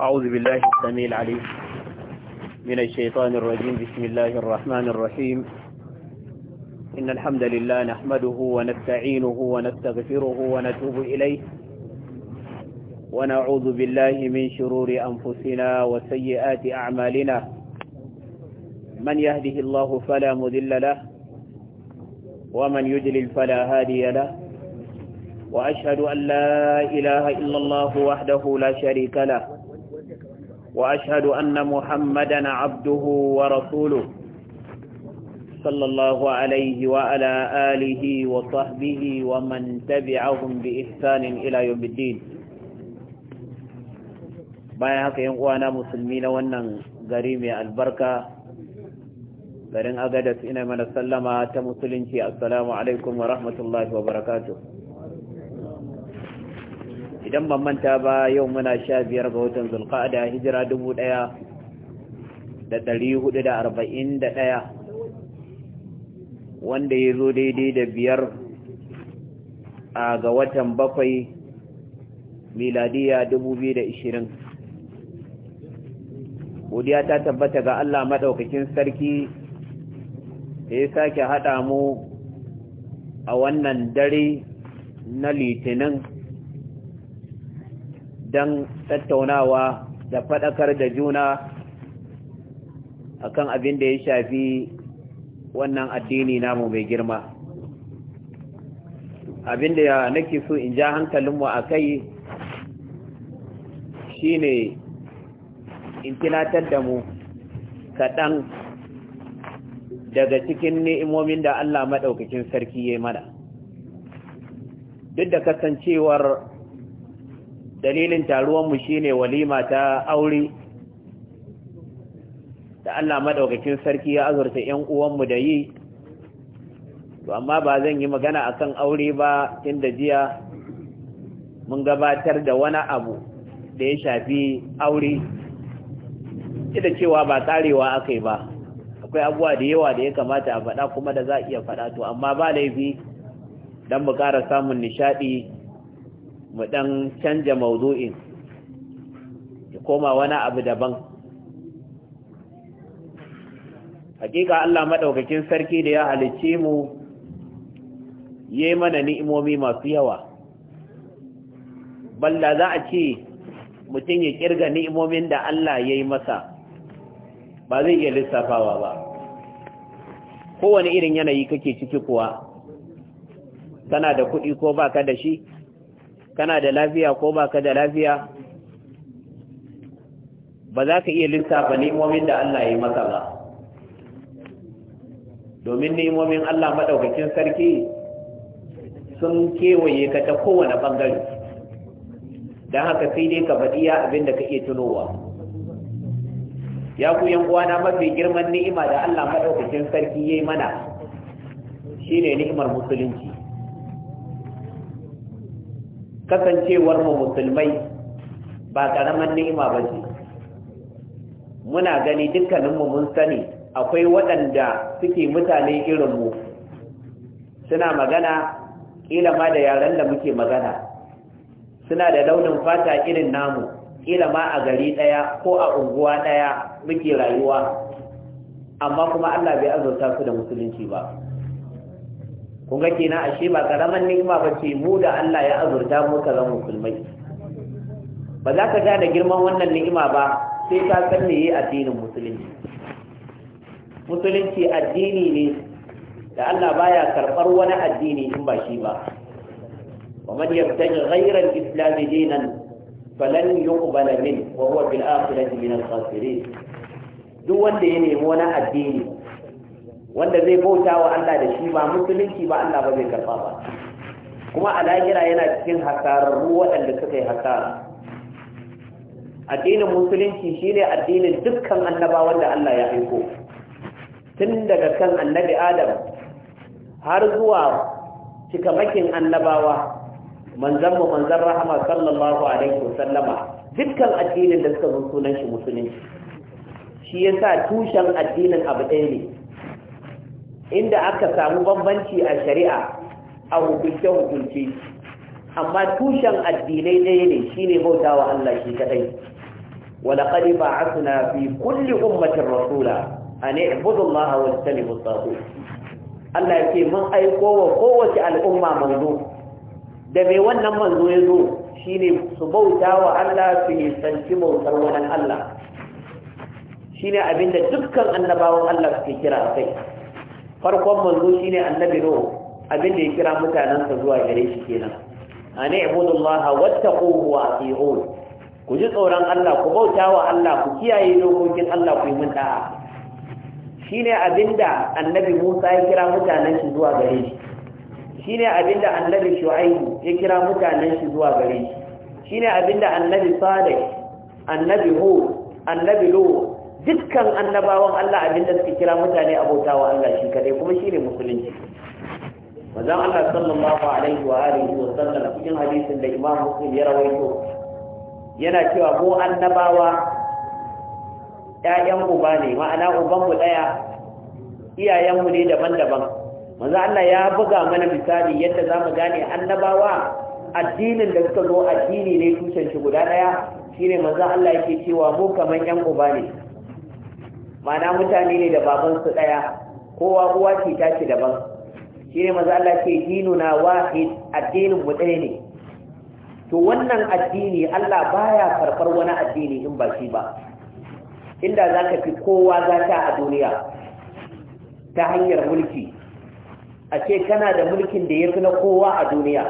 أعوذ بالله السميع العليم من الشيطان الرجيم بسم الله الرحمن الرحيم إن الحمد لله نحمده ونستعينه ونستغفره ونتوب إليه ونعوذ بالله من شرور أنفسنا وسيئات أعمالنا من يهده الله فلا مذل له ومن يجلل فلا هادي له وأشهد أن لا إله إلا الله وحده لا شريك له وأشهد أن محمدا عبده ورسوله صلى الله عليه وعلى آله وصحبه ومن تبعهم بإحسان إلى يوم الدين bayan haka yan uwana musulmi na wannan gari mai albarka garin agadas ina mana sallama ta musulunci assalamu alaikum wa rahmatullahi wa barakatuh idan ban manta ba yau muna sha biyar ga watan da hijira dubu ɗaya da ɗari hudu da arba'in da ɗaya wanda ya zo daidai da biyar a ga watan bakwai miladiya dubu biyu da ishirin godiya ta tabbata ga Allah maɗaukakin sarki da ya sake haɗa mu a wannan dare na litinin don tattaunawa da faɗakar da juna akan abin da ya shafi wannan addini namu mai girma abin da ya nake so in ja hankalinmu a kai shine in tinatar da mu kaɗan daga cikin ni'imomin da Allah maɗaukacin sarki ya mana duk da kasancewar dalilin mu shine walima ta aure da Allah madaukakin sarki ya azurta 'yan uwanmu da yi to amma ba zan yi magana akan aure ba inda jiya mun gabatar da wani abu da ya shafi aure ita cewa ba karewa akai ba akwai abuwa da yawa da ya kamata a faɗa kuma da za a iya faɗa to amma ba laifi don mu ƙara samun nishaɗi mu dan canja mawdu'in ya koma wani abu daban hakika Allah madaukakin sarki da ya halicce mu yayi mana ni'imomi masu yawa balla za a ce mutum ya kirga ni'imomin da Allah yayi masa ba zai iya lissafawa ba kowane irin yanayi kake ciki kuwa kana da kuɗi ko baka da shi kana da lafiya ko ba ka da lafiya ba za ka iya lissafa ni'imomin da Allah ya yi maka ba domin ni'imomin Allah maɗaukakin sarki sun kewaye ka ta kowane ɓangare don haka sai dai ka faɗi ya abin da ka iya tunowa ya ku yan uwana mafi girman ni'ima da Allah maɗaukakin sarki ya yi mana shine ni'imar musulunci kasancewar mu musulmai ba karaman ni'ima ba ce muna gani dukkaninmu mun sani akwai waɗanda suke mutane irinmu suna magana ƙila ma da yaren da muke magana suna da launin fata irin namu ƙila ma a gari ɗaya ko a unguwa ɗaya muke rayuwa amma kuma Allah bai azurta su da musulunci ba kun ga kenan ashe ba karaman ni'ima ba ce mu da Allah ya azurta mu ka zama musulmai ba za ka gane girman wannan ni'ima ba sai ka san me yi addinin musulunci musulunci addini ne da Allah baya karɓar wani addini in ba shi ba wa man yabtaji ghayra al-islam dinan falan yuqbala min wa huwa bil akhirati min al-khasirin duk wanda ya nemi wani addini wanda zai bauta wa Allah da shi ba musulunci ba Allah ba zai karba ba kuma alakira yana cikin hasararru waɗanda suka yi hasara addinin musulunci shine addinin dukkan annaba da Allah ya aiko tun daga kan annabi Adam har zuwa cikamakin annabawa manzan mu manzan rahama sallallahu alaihi wasallama dukkan addinin da suka zo sunan shi musulunci shi yasa tushen addinin abu ɗaya ne inda aka samu bambanci a shari'a a hukunce-hukunce amma tushen addinai ɗaya ne shine bauta wa Allah shi kadai walaƙari ba a suna fi kulli ummatin rasula an ne ibudun maha wasu tani musaku Allah ya ce mun aiko wa kowace al'umma manzo da mai wannan manzo ya zo shine su bauta wa Allah su nisanci bautar wani Allah shine abinda dukkan annabawan Allah suke kira a kai farkon manzo ne annabi no abinda ya kira mutanensa zuwa gare shi kenan ana ibudullaha wattaquhu wa ati'un ku ji tsoron Allah ku bauta wa Allah ku kiyaye dokokin Allah ku yi mun da'a shine abinda annabi Musa ya kira mutanen shi zuwa gare shi shine abinda annabi Shu'aibu ya kira mutanen shi zuwa gare shi shine abinda annabi Salih annabi Hud annabi Lut dukkan annabawan Allah abinda suka kira mutane abota wa Allah shi kadai kuma shi ne musulunci manzon Allah sallallahu alaihi wa alihi wa sallam cikin hadisin da Imam Muslim ya rawaito yana cewa mu annabawa ƴaƴan uba ne ma'ana uban mu daya iyayen mu ne daban-daban manzo Allah ya buga mana misali yadda zamu gane annabawa addinin da suka zo addini ne tushen shi guda daya shine manzo Allah yake cewa mu kaman ƴan uba ne ma'ana mutane ne da babansu ɗaya kowa uwa ce ta ce daban shi ne maza Allah ce dinu na wahid addinin mu ɗaya ne to wannan addini Allah baya karbar wani addini in ba shi ba inda za ka fi kowa gata a duniya ta hanyar mulki a ce kana da mulkin da ya fi na kowa a duniya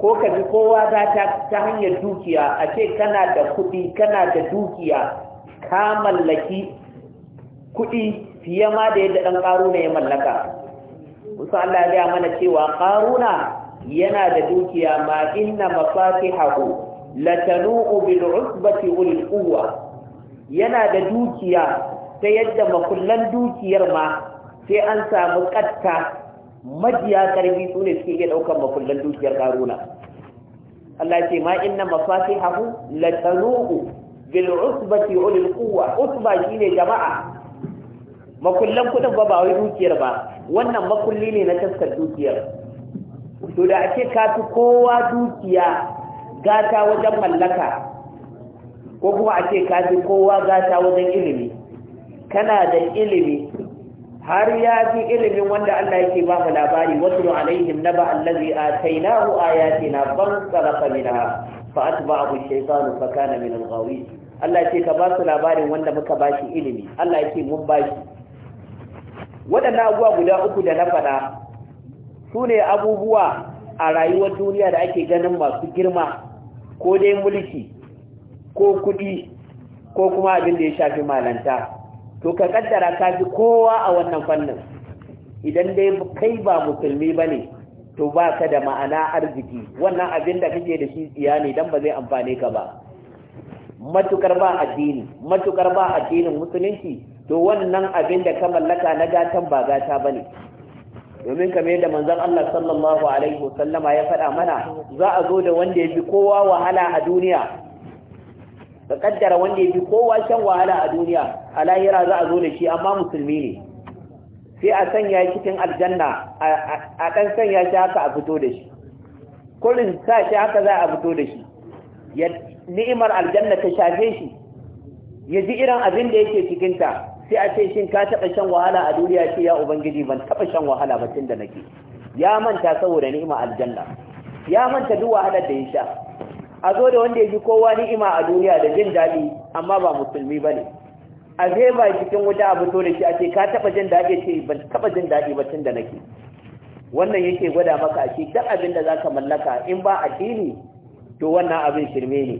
ko ka fi kowa gata ta hanyar dukiya a ce kana da kuɗi kana da dukiya ka mallaki kuɗi fiye ma da yadda ɗan ƙaruna ya mallaka musa Allah ya gaya mana cewa ƙaruna yana da dukiya ma inna haku latanu bil rusbati ulil uwa yana da dukiya ta yadda makullan dukiyar ma sai an samu ƙatta majiya ƙarfi su ne suke iya ɗaukar makullan dukiyar ƙaruna Allah ce ma inna mafatihahu latanu'u bil usbati ulil quwwa usba shine jama'a makullan kudin ba ba wai dukiyar ba wannan makulli ne na taskar dukiyar to da ake ka fi kowa dukiya gata wajen mallaka ko kuma ake ka fi kowa gata wajen ilimi kana da ilimi har ya fi ilimin wanda Allah yake ba mu labari wasu alaihim naba allazi atainahu ayatina fa minha fa atba'ahu shaytanu fa kana min al Allah ya ce ka basu labarin wanda muka bashi ilimi Allah ya ce mun bashi waɗannan abubuwa guda uku da na faɗa su ne abubuwa a rayuwar duniya da ake ganin masu girma ko dai mulki ko kuɗi ko kuma abin da ya shafi malanta to ka kaddara ka fi kowa a wannan fannin idan dai kai ba musulmi ba ne to ba ka da ma'ana arziki wannan abin da kake da shi tsiya ne dan ba zai amfane ka ba matukar ba addini matukar ba addinin musulunci to wannan abin da ka mallaka na gatan ba gata bane domin kamar yadda manzon Allah sallallahu alaihi wasallama ya faɗa mana za a zo da wanda ya bi kowa wahala a duniya ka kaddara wanda ya fi kowa shan wahala a duniya a lahira za a zo da shi amma musulmi ne sai a sanya cikin aljanna a ɗan sanya shi haka a fito da shi Kurin sa shi haka za a fito da shi ni'imar aljanna ta shafe shi ya ji irin abin da yake cikinta sai a ce shin ka taɓa shan wahala a duniya ce ya ubangiji ban taɓa shan wahala ba tun da nake ya manta saboda ni'ima aljanna ya manta duk wahalar da ya sha a zo da wanda ya ji kowa ni'ima a duniya da jin daɗi amma ba musulmi ba ne a ba cikin wuta a to da shi a ce ka taɓa jin daɗi ce ban taɓa jin daɗi ba tun da nake wannan yake gwada maka a ce duk abin da za ka mallaka in ba addini to wannan abin shirme ne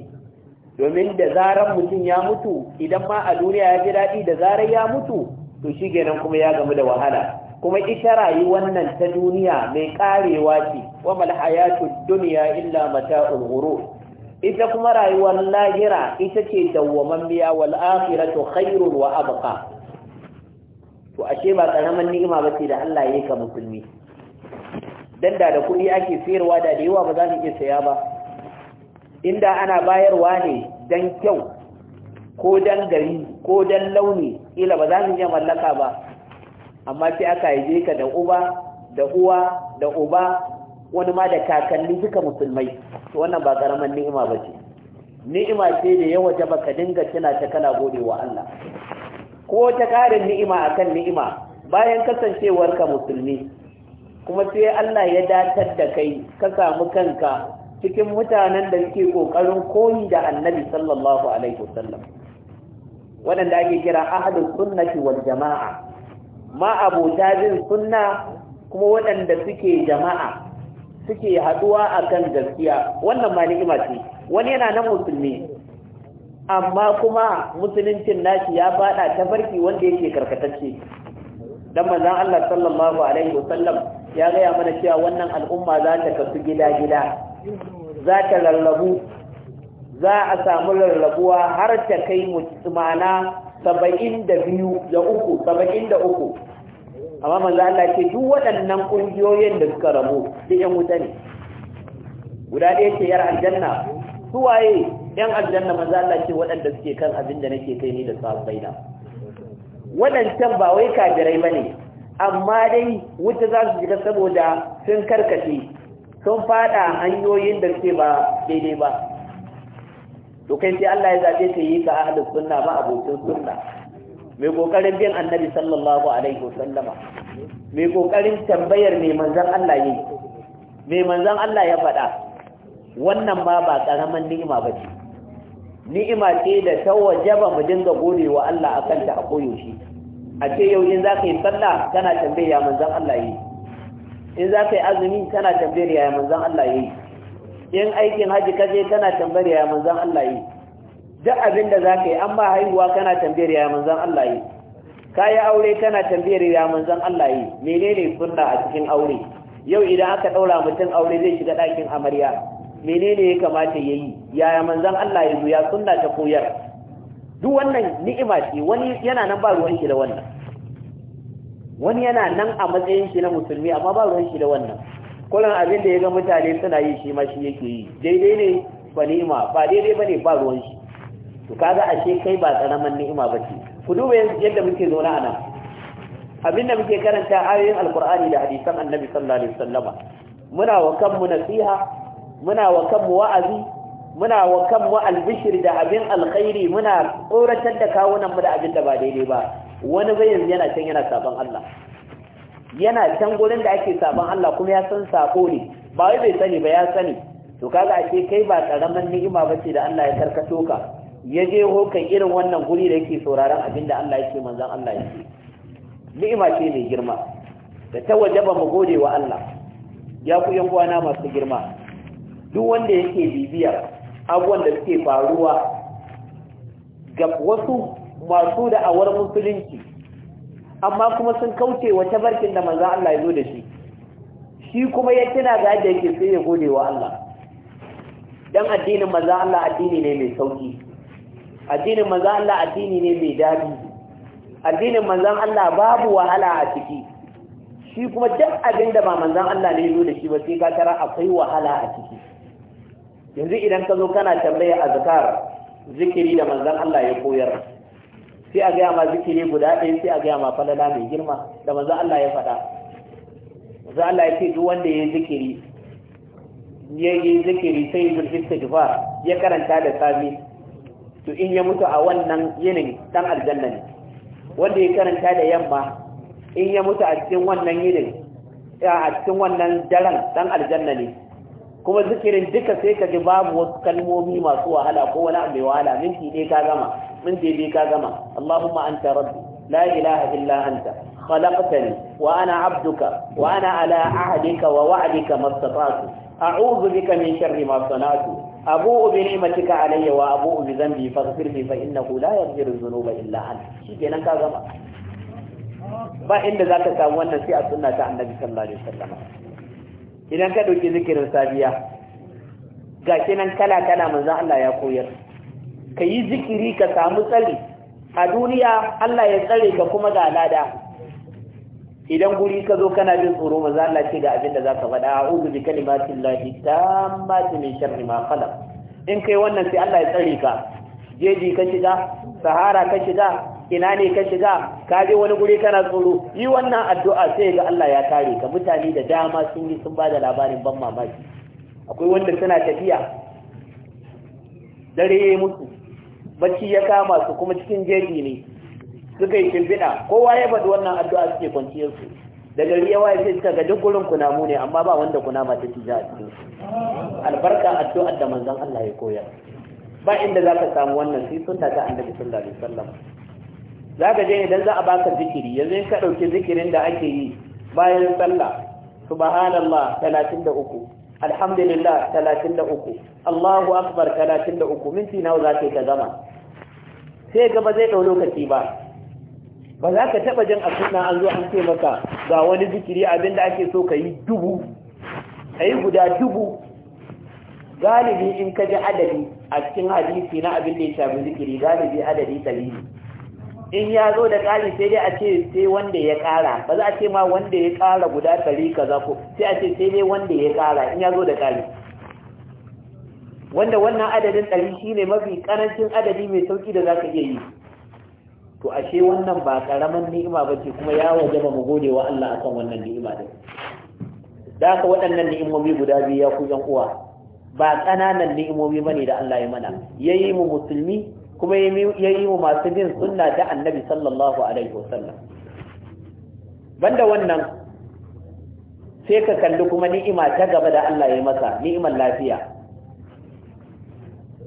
domin da zarar mutum ya mutu idan ma a duniya ya ji daɗi da zarar ya mutu to shi kenan kuma ya gamu da wahala kuma ita rayu wannan ta duniya mai karewa ce wa mal hayatu dunya illa mata'ul ghurur ita kuma rayuwar lahira ita ce biya wal akhiratu khairun wa abqa to ashe ba karaman ni'ima bace da Allah yi ka musulmi dan da da kuɗi ake sayarwa da da yawa ba za mu iya saya ba inda ana bayarwa ne dan kyau ko dan gari ko dan launi ila ba za mu iya mallaka ba amma sai aka yi ka da uba da uwa da uba wani ma da kakanni duka musulmai to wannan ba karaman ni'ima ba ce ni'ima ce da ya waje baka dinga tana ta kana gode wa Allah ko ta karin ni'ima akan ni'ima bayan kasancewar ka musulmi kuma sai Allah ya datar da kai ka samu kanka cikin mutanen da suke kokarin koyi da Annabi sallallahu alaihi wasallam waɗanda ake kira ahlus sunnati wal jama'a ma abota bin sunna kuma waɗanda suke jama'a suke haduwa kan gaskiya wannan ma ni'ima ce wani yana nan musulmi amma kuma musuluncin nashi ya fada ta farki wanda yake karkatacce dan manzon Allah sallallahu alaihi wasallam ya gaya mana cewa wannan al'umma za ta kasu gida-gida za ta rarrabu za a samu rarrabuwa har ta kai mutumana saba'in da biyu da uku amma manzo Allah ce duk waɗannan kungiyoyin da suka rabu duk ƴan wuta ne guda ɗaya ce yar aljanna su waye ƴan aljanna manzo Allah ce waɗanda suke kan abin da nake kai ni da sabon baina waɗancan ba wai kafirai ne, amma dai wuta za su shiga saboda sun karkace sun fada hanyoyin da suke ba daidai ba to kai sai Allah ya zabe ka yi ka ahlus sunna ba abokin sunna mai kokarin bin annabi sallallahu alaihi wasallama mai kokarin tambayar mai manzan Allah yi mai manzan Allah ya faɗa wannan ma ba karaman ni'ima ba ce ni'ima ce da ta jaba mu dinga godewa Allah akan ta a koyaushe a ce yau in za ka yi sallah kana tambaya manzan Allah yi in za ka yi azumi kana tambayar ya manzan Allah yi in aikin haji kaje kana tambayar ya manzan Allah yi duk abin da za ka yi an ba haihuwa kana tambayar ya manzan Allah yi ka yi aure kana tambayar ya manzan Allah yi menene sunna a cikin aure yau idan aka ɗaura mutum aure zai shiga ɗakin amarya menene ya kamata ya yi yaya manzan Allah ya zuya suna sunna ta koyar duk wannan ni'ima ce wani yana nan ba ruwan shi da wannan wani yana nan a matsayin shi na musulmi amma ba ruwan shi da wannan kullum abin da ya ga mutane suna yi shi ma shi yake yi daidai ne ba ni'ima ba daidai bane ba ruwan shi to kaga ashe kai ba karaman ni'ima bace ku duba yadda muke zauna a nan abinda muke karanta ayoyin alkur'ani da hadisan annabi sallallahu alaihi wasallama muna wa kanmu nasiha muna wa kanmu wa'azi muna wa kanmu albishir da abin alkhairi muna tsoratar da kawunan mu da abin da ba daidai ba wani yanzu yana can yana saban Allah yana can gurin da ake saban Allah kuma ya san sako ne ba wai bai sani ba ya sani to kaga ashe kai ba karaman ni'ima bace da Allah ya karkato ka ya je hokan irin wannan guri da yake sauraron abinda Allah yake manzon Allah yake ni'ima ce mai girma da ta wajaba mu gode wa Allah ya ku yan uwana masu girma duk wanda yake bibiya abuwan da suke faruwa ga wasu masu da awar musulunci amma kuma sun kauce wa tabarkin da manzon Allah ya zo da shi shi kuma ya tuna ga yadda yake sai ya gode wa Allah dan addinin manzon Allah addini ne mai sauki addinin manzan Allah addini ne mai daɗi addinin manzan Allah babu wahala a ciki shi kuma duk abin da ba manzan Allah ne zo da shi ba sai ka tara akwai wahala a ciki yanzu idan ka zo kana tambaya azkar zikiri da manzan Allah ya koyar sai a gaya ma zikiri guda ɗaya sai a gaya ma falala mai girma da manzan Allah ya faɗa manzan Allah ya ce duk wanda ya yi zikiri ya yi zikiri sai ta istighfar ya karanta da safi to in ya mutu a wannan yinin dan aljanna ne wanda ya karanta da yamma in ya mutu a cikin wannan yinin a cikin wannan daren dan aljanna ne kuma zikirin duka sai ka ji babu wasu kalmomi masu wahala ko wani abu mai wahala minti ne ka gama minti ne ka gama Allahumma anta rabbi la ilaha illa anta ana وأنا عبدك وأنا على عهدك ووعدك ما استطعت أعوذ بك من شر ما sanatu. abu'u bi ne alayya wa abu'u bi fa faghfir li fa innahu la yaghfiru dhunuba illa shi kenan ka gama ba inda zaka samu wannan sai a sunna ta annabi sallallahu alaihi wasallam idan ka dauki zikirin safiya ga kinan kala kala manzo Allah ya koyar ka yi zikiri ka samu tsari a duniya Allah ya tsare ka kuma ga lada idan guri ka zo kana jin tsoro maza Allah ce ga abin da za ka faɗa a'udhu bi kalimatin lahi tammati min sharri ma khalaq in kai wannan sai Allah ya tsare ka jeji ka shiga sahara ka shiga ina ne ka shiga ka je wani guri kana tsoro yi wannan addu'a sai ga Allah ya kare ka mutane da dama sun yi sun bada labarin ban mamaki akwai wanda suna tafiya dare ya musu bacci ya kama su kuma cikin jeji ne suka yi shimfiɗa kowa ya faɗi wannan addu'a suke kwanciyar su daga gari ya ce suka ga duk gurin kunamu ne amma ba wanda nama ta ci a cikin su albarka addu'ar da manzon Allah ya koya. ba inda za ka samu wannan sai sun ta annabi sallallahu alaihi wasallam za ka je idan za a baka zikiri yanzu ka ɗauki zikirin da ake yi bayan sallah subhanallah 33 alhamdulillah 33 Allahu akbar 33 minti nawa za ka yi ka gama sai gaba zai ɗau lokaci ba ba za ka taɓa jan asuna an zo an ce maka ga wani zikiri abinda ake so ka yi dubu a yi guda dubu galibi in ka ji adadi a cikin hadisi na abin da ya shafi zikiri galibi adadi kalili in ya zo da kali sai dai a ce sai wanda ya kara ba za a ce ma wanda ya kara guda kari za ko sai a ce sai dai wanda ya kara in ya zo da kali wanda wannan adadin ɗari shine mafi ƙarancin adadi mai sauƙi da za ka iya yi to ashe wannan ba karaman ni'ima ba ce kuma ya wajaba mu gode wa Allah akan wannan ni'ima din da haka waɗannan ni'imomi guda biyu ya ku yan uwa ba ƙananan ni'imomi bane da Allah ya mana yayi mu musulmi kuma yayi mu masu bin sunna da Annabi sallallahu alaihi wasallam banda wannan sai ka kalli kuma ni'ima ta gaba da Allah ya masa ni'imar lafiya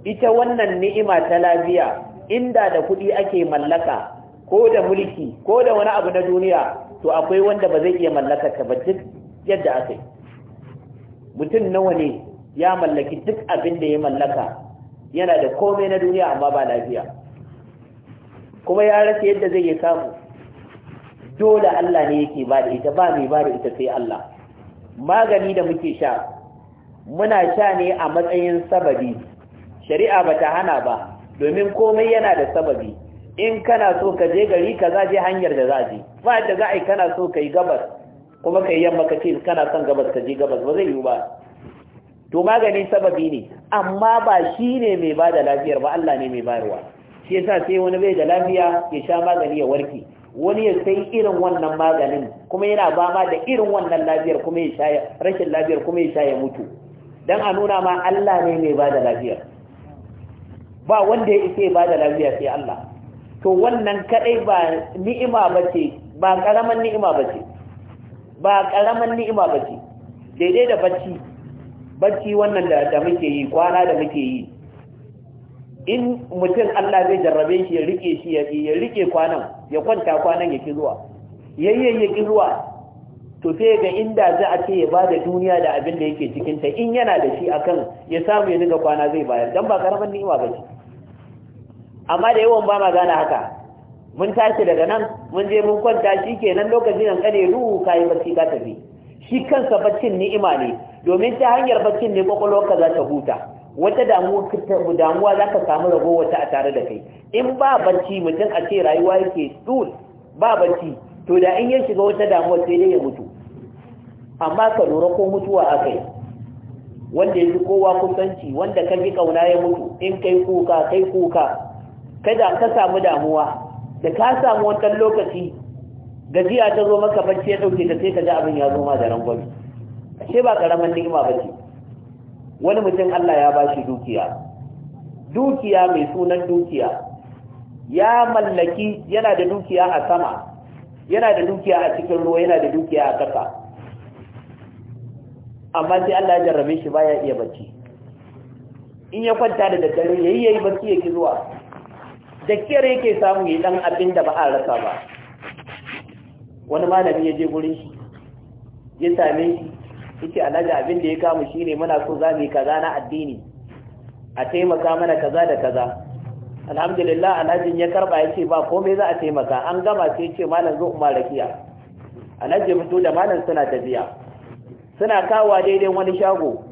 ita wannan ni'ima ta lafiya inda da kuɗi ake mallaka ko da mulki ko da wani abu na duniya to akwai wanda ba zai iya mallaka ka ba duk yadda aka yi mutum nawa ne ya mallaki duk abin da ya mallaka yana da komai na duniya amma ba lafiya kuma ya rasa yadda zai yi samu dole Allah ne yake ba da ita ba mai ba da ita sai Allah magani da muke sha muna sha ne a matsayin sababi shari'a ba ta hana ba domin komai yana da sababi in kana so ka je gari ka za je hanyar da za je ba da za a yi kana so ka yi gabas kuma ka yi yamma ka ce kana son gabas ka je gabas ba zai yiwu ba to magani sababi ne amma ba shi ne mai ba da lafiyar ba Allah ne mai bayarwa shi yasa sai wani bai da lafiya ya sha magani ya warke wani ya sai irin wannan maganin kuma yana bama da irin wannan lafiyar kuma ya sha rashin lafiyar kuma ya sha ya mutu dan a nuna ma Allah ne mai ba da lafiyar ba wanda ya isa ba da lafiya sai Allah to wannan kadai ba ni'ima bace ba karaman ni'ima bace ba karaman ni'ima bace daidai da bacci bacci wannan da da muke yi kwana da muke yi in mutum Allah zai jarrabe shi ya rike shi ya rike kwanan ya kwanta kwanan ya ki zuwa yayin ya zuwa to sai ga inda za a ce ya ba da duniya da abin da yake ta in yana da shi akan ya samu ya niga kwana zai bayar don ba karaman ni'ima ba amma da yawan ba ma gane haka mun tashi daga nan mun je mun kwanta shi ke nan lokacin nan kane ruhu kayi barci ka tafi shi kansa baccin ni'ima ne domin ta hanyar baccin ne kwakwalwarka za ta huta wata damuwa za ka samu rago wata a tare da kai in ba barci mutum a ce rayuwa yake tsul ba barci to da in ya shiga wata damuwa sai dai ya mutu amma ka lura ko mutuwa a kai wanda ya fi kowa kusanci wanda ka fi kauna ya mutu in kai kuka kai kuka kada ka samu damuwa da ka samu wata lokaci gajiya ta zo maka bacci ya dauke ta sai ka ji abin ya zo ma da rangwami ashe ba karaman ni'ima ce. wani mutum Allah ya ba shi dukiya dukiya mai sunan dukiya ya mallaki yana da dukiya a sama yana da dukiya a cikin ruwa yana da dukiya a ƙasa amma sai Allah ya jarrabe shi baya iya bacci in ya kwanta da daddare yayi yayi bacci yake zuwa da kiyar yake samu yi dan abin da ba a rasa ba wani malami ya je guri ya same shi yace alhaji abin da ya kamu shine muna so za yi kaza na addini a taimaka mana kaza da kaza alhamdulillah alhajin ya karba ya ce ba komai za a taimaka an gama sai ce malam zo umar rakiya alhaji fito da malam suna tafiya suna kawo daidai wani shago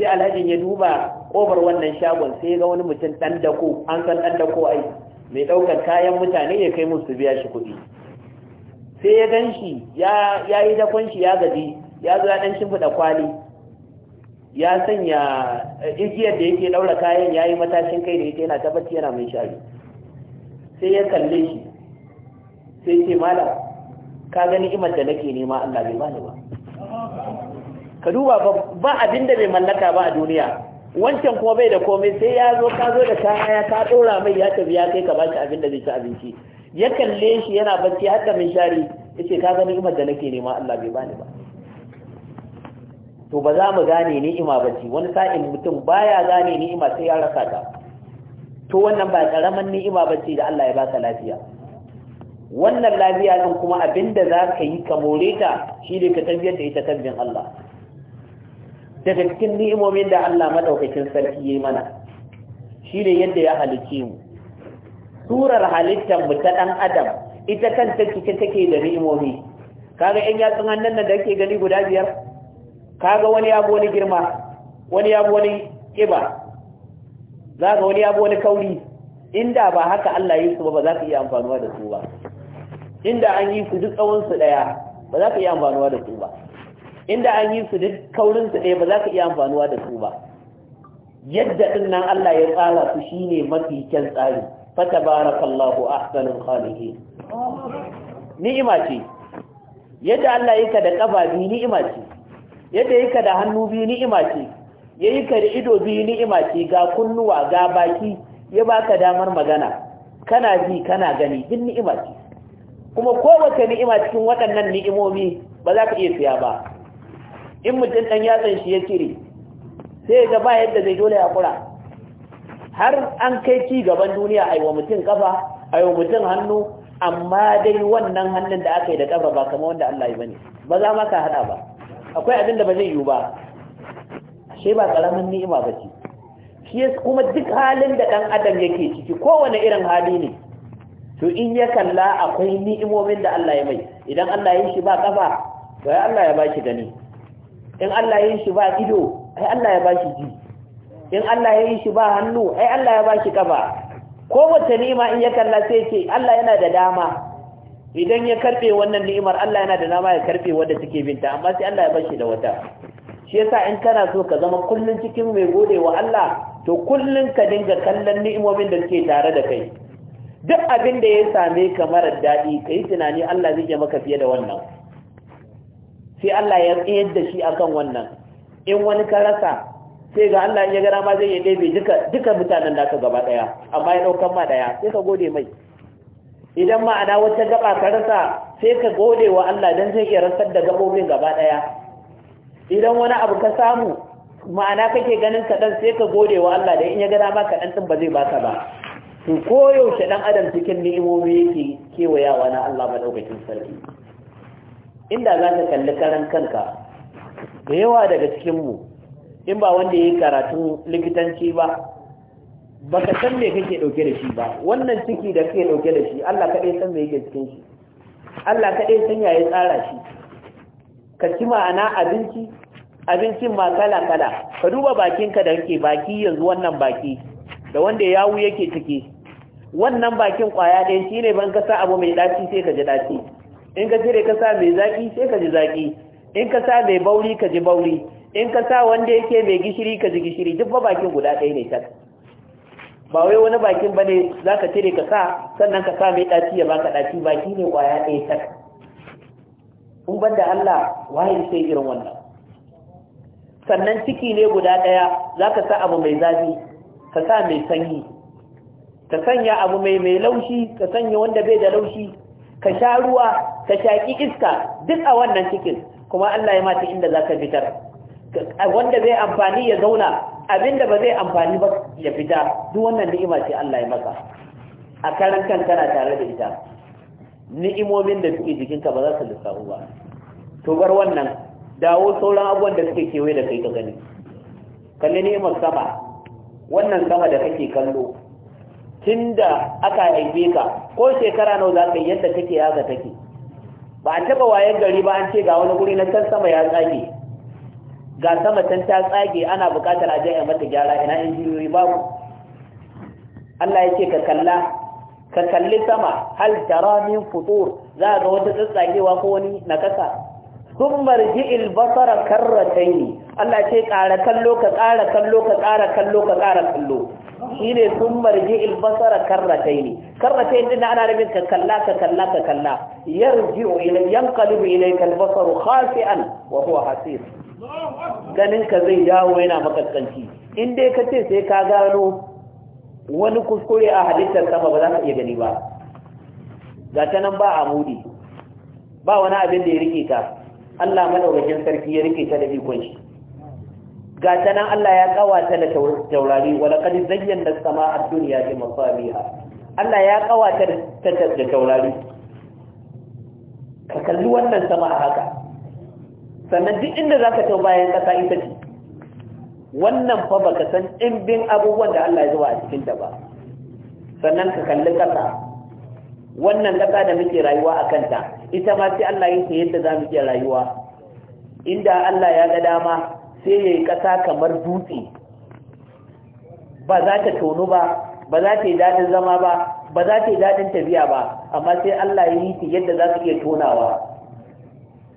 sai alhajin ya duba kofar wannan shagon sai ga wani mutum dan dako an san dan dako ai mai daukar kayan mutane ya kai musu biya shi kuɗi sai ya ganshi ya yayi dakon shi ya gaji ya zo ya dan kwali ya sanya eh, igiyar da yake daura kayan yayi matashin kai da yake yana tabbaci yana mai shari sai ya kalle shi sai ce malam ka gani imar da nake nema Allah bai bani ba ka duba ba abinda bai mallaka ba a duniya wancan kuma bai da komai sai ya zo ka zo da kaya ka ɗora mai ya tafi ya kai ka bashi abin da zai ci abinci ya kalle shi yana bacci har da min shari yace ka ga ni'imar da nake nema Allah bai bani ba to ba za mu gane ni'ima bacci, wani sa'in mutum baya gane ni'ima sai ya rasa ta to wannan ba karaman ni'ima bacci da Allah ya baka lafiya wannan lafiya din kuma abinda za ka yi ka more ta shi ne ka tafiyar da ita tabbin Allah daga cikin ni'imomin da Allah madaukakin sarki yayi mana shine yadda ya halice mu surar halittar mu ta dan adam ita kanta take take da ni'imomi kaga in ya tsan nan da kake gani guda biyar kaga wani abu wani girma wani abu wani kiba zaka wani abu wani kauri inda ba haka Allah yi su ba za ka iya amfanuwa da su ba inda an yi su duk tsawon su daya ba za ka iya amfanuwa da su ba inda an yi su duk kaurin su ɗaya ba za ka iya amfanuwa da su ba yadda din nan Allah ya tsara su shine mafi kyan tsari fatabarakallahu ahsanul khaliqin ni'ima ce yadda Allah yake da kafa biyu ni'ima ce yadda yake da hannu biyu ni'ima ce yayi ka da ido biyu ni'ima ce ga kunnuwa ga baki ya baka damar magana kana ji kana gani duk ni'ima ce kuma kowace ni'ima cikin waɗannan ni'imomi ba za ka iya siya ba in mutum ɗan yatsan shi ya cire sai ga ba yadda zai dole ya kura har an kai ci gaban duniya a yi wa mutum kafa a yi wa mutum hannu amma dai wannan hannun da aka yi da kafa ba kama wanda Allah ya bane ba za ma ka haɗa ba akwai abin da ba zai yiwu ba ashe ba ƙaramin ni'ima ba ce shi kuma duk halin da ɗan adam yake ciki kowane irin hali ne to in ya kalla akwai ni'imomin da Allah ya mai idan Allah ya yi shi ba kafa to Allah ya ba shi gani in Allah ya yi shi ba ido ai Allah ya bashi ji in Allah ya yi shi ba hannu ai Allah ya bashi kafa ko wata ni'ima in ya kalla sai ce Allah yana da dama idan ya karbe wannan ni'imar Allah yana da dama ya karbe wanda take binta amma sai Allah ya bashi da wata shi yasa in kana so ka zama kullun cikin mai gode wa Allah to kullun ka dinga kallon ni'imomin da suke tare da kai duk abin da ya same ka marar daɗi ka yi tunani Allah zai maka fiye da wannan sai Allah ya tsayar da shi akan wannan in wani ka rasa sai ga Allah ya gara ma zai ya ɗebe duka duka mutanen naka gaba daya amma ya daukan ma daya sai ka gode mai idan ma'ana wata gaba ka rasa sai ka gode wa Allah dan zai iya rasar da gabobin gaba daya idan wani abu ka samu ma'ana kake ganin dan sai ka gode wa Allah da in ya gara ma kaɗan ɗin ba zai baka ba to koyaushe ɗan adam cikin ni'imomi yake kewayawa na Allah maɗaukakin sarki inda za ka kalli karan kanka da yawa daga cikinmu in ba wanda ya yi karatun likitanci ba ba ka san me kake ɗauke da shi ba wannan ciki da kake ɗauke da shi Allah kaɗai san me yake cikin shi Allah kaɗai san ya tsara shi ka ci ma'ana abinci abincin ma kala kala ka duba bakinka da kake baki yanzu wannan baki da wanda ya wu yake ciki wannan bakin kwaya ɗaya shine ban ka sa abu mai ɗaci sai ka ji ɗaci in ka cire ka sa mai zaki sai ka ji zaki in ka sa mai bauri ka ji bauri in ka sa wanda yake mai gishiri ka ji gishiri duk ba bakin guda ɗaya ne tak ba wai wani bakin ba ne za ka cire ka sa sannan ka sa mai ɗaci ya baka ɗaci baki ne ƙwaya ɗaya tak in ban da Allah wahayi sai irin wannan sannan ciki ne guda ɗaya za ka sa abu mai zafi ka sa mai sanyi ka sanya abu mai mai laushi ka sanya wanda bai da laushi ka sha ruwa ka shaki iska duk a wannan cikin kuma Allah ya mata inda za ka fitar wanda zai amfani ya zauna abinda ba zai amfani ba ya fita duk wannan ni'ima ce Allah ya maka a karan kan kana tare da ita ni'imomin da suke jikinka ba za su lissafu ba to bar wannan dawo sauran abubuwan da suke kewaye da kai ka gani kalli ni'imar sama wannan sama da kake kallo tunda aka haife ka ko shekara nawa za ka yi yadda take yaga take ba a taba wayan gari ba an ce ga wani guri na can sama ya tsage ga sama can ta tsage ana buƙatar a jan mata gyara ina injiniyoyi babu Allah ya ce ka kalla ka kalli sama hal tara min futur za ga wata tsatsagewa ko wani nakasa sun marji ilbasara karratai ne Allah ce ƙara kallo ka ƙara kallo ka ƙara kallo ka ƙara kallo Shi sun marji ilbasara karratai ne karratai din na ana rabin ka kalla ka kalla ka kalla yarji'u ilay yanqalibu ilayka kalbasaru khasi'an wa huwa hasir ganin ka zai dawo yana makaskanci in dai ka ce sai ka gano wani kuskure a halittar sama ba za ka iya gani ba ga ta nan ba amudi ba wani abin da ya rike ta Allah madaukakin sarki ya rike ta da ikon shi ga ta nan Allah ya kawata da taurari wala qad zayyan da samaa ad-dunya bi masabiha Allah ya kawata da taurari ka kalli wannan sama a haka sannan duk inda zaka tau bayan kasa ita ce wannan fa baka san ɗimbin abubuwan da Allah ya zuba a cikin ta ba sannan ka kalli kasa wannan kasa da muke rayuwa a kanta ita ma sai Allah yake yadda za mu iya rayuwa inda Allah ya ga dama sai ya yi ƙasa kamar dutse ba za ta tono ba ba za ta yi daɗin zama ba ba za ta yi daɗin tafiya ba amma sai Allah ya yi ta yadda za su iya tonawa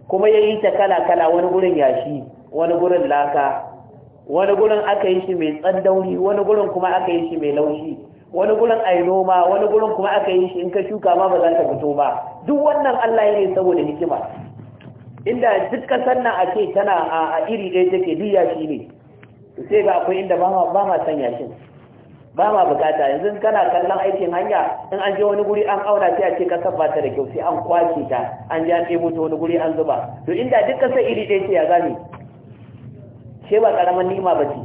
kuma ya yi ta kala-kala wani gurin yashi wani gurin laka wani gurin aka yi shi mai tsandauri wani gurin kuma aka yi shi mai laushi wani gurin a yi noma wani gurin kuma aka yi shi in ka shuka ma ba za ta fito ba duk wannan Allah ya ne saboda hikima inda duk kasar nan a tana a iri ɗaya take duk yashi ne sai ga akwai inda ba ma san yashin ba ma bukata yanzu kana kallon aikin hanya in an je wani guri an auna sai a ce kasar ba ta da kyau sai an kwace ta an je an ɗebo ta wani guri an zuba to inda duk kasar iri ɗaya ce ya zame ce ba karamin nima ba ce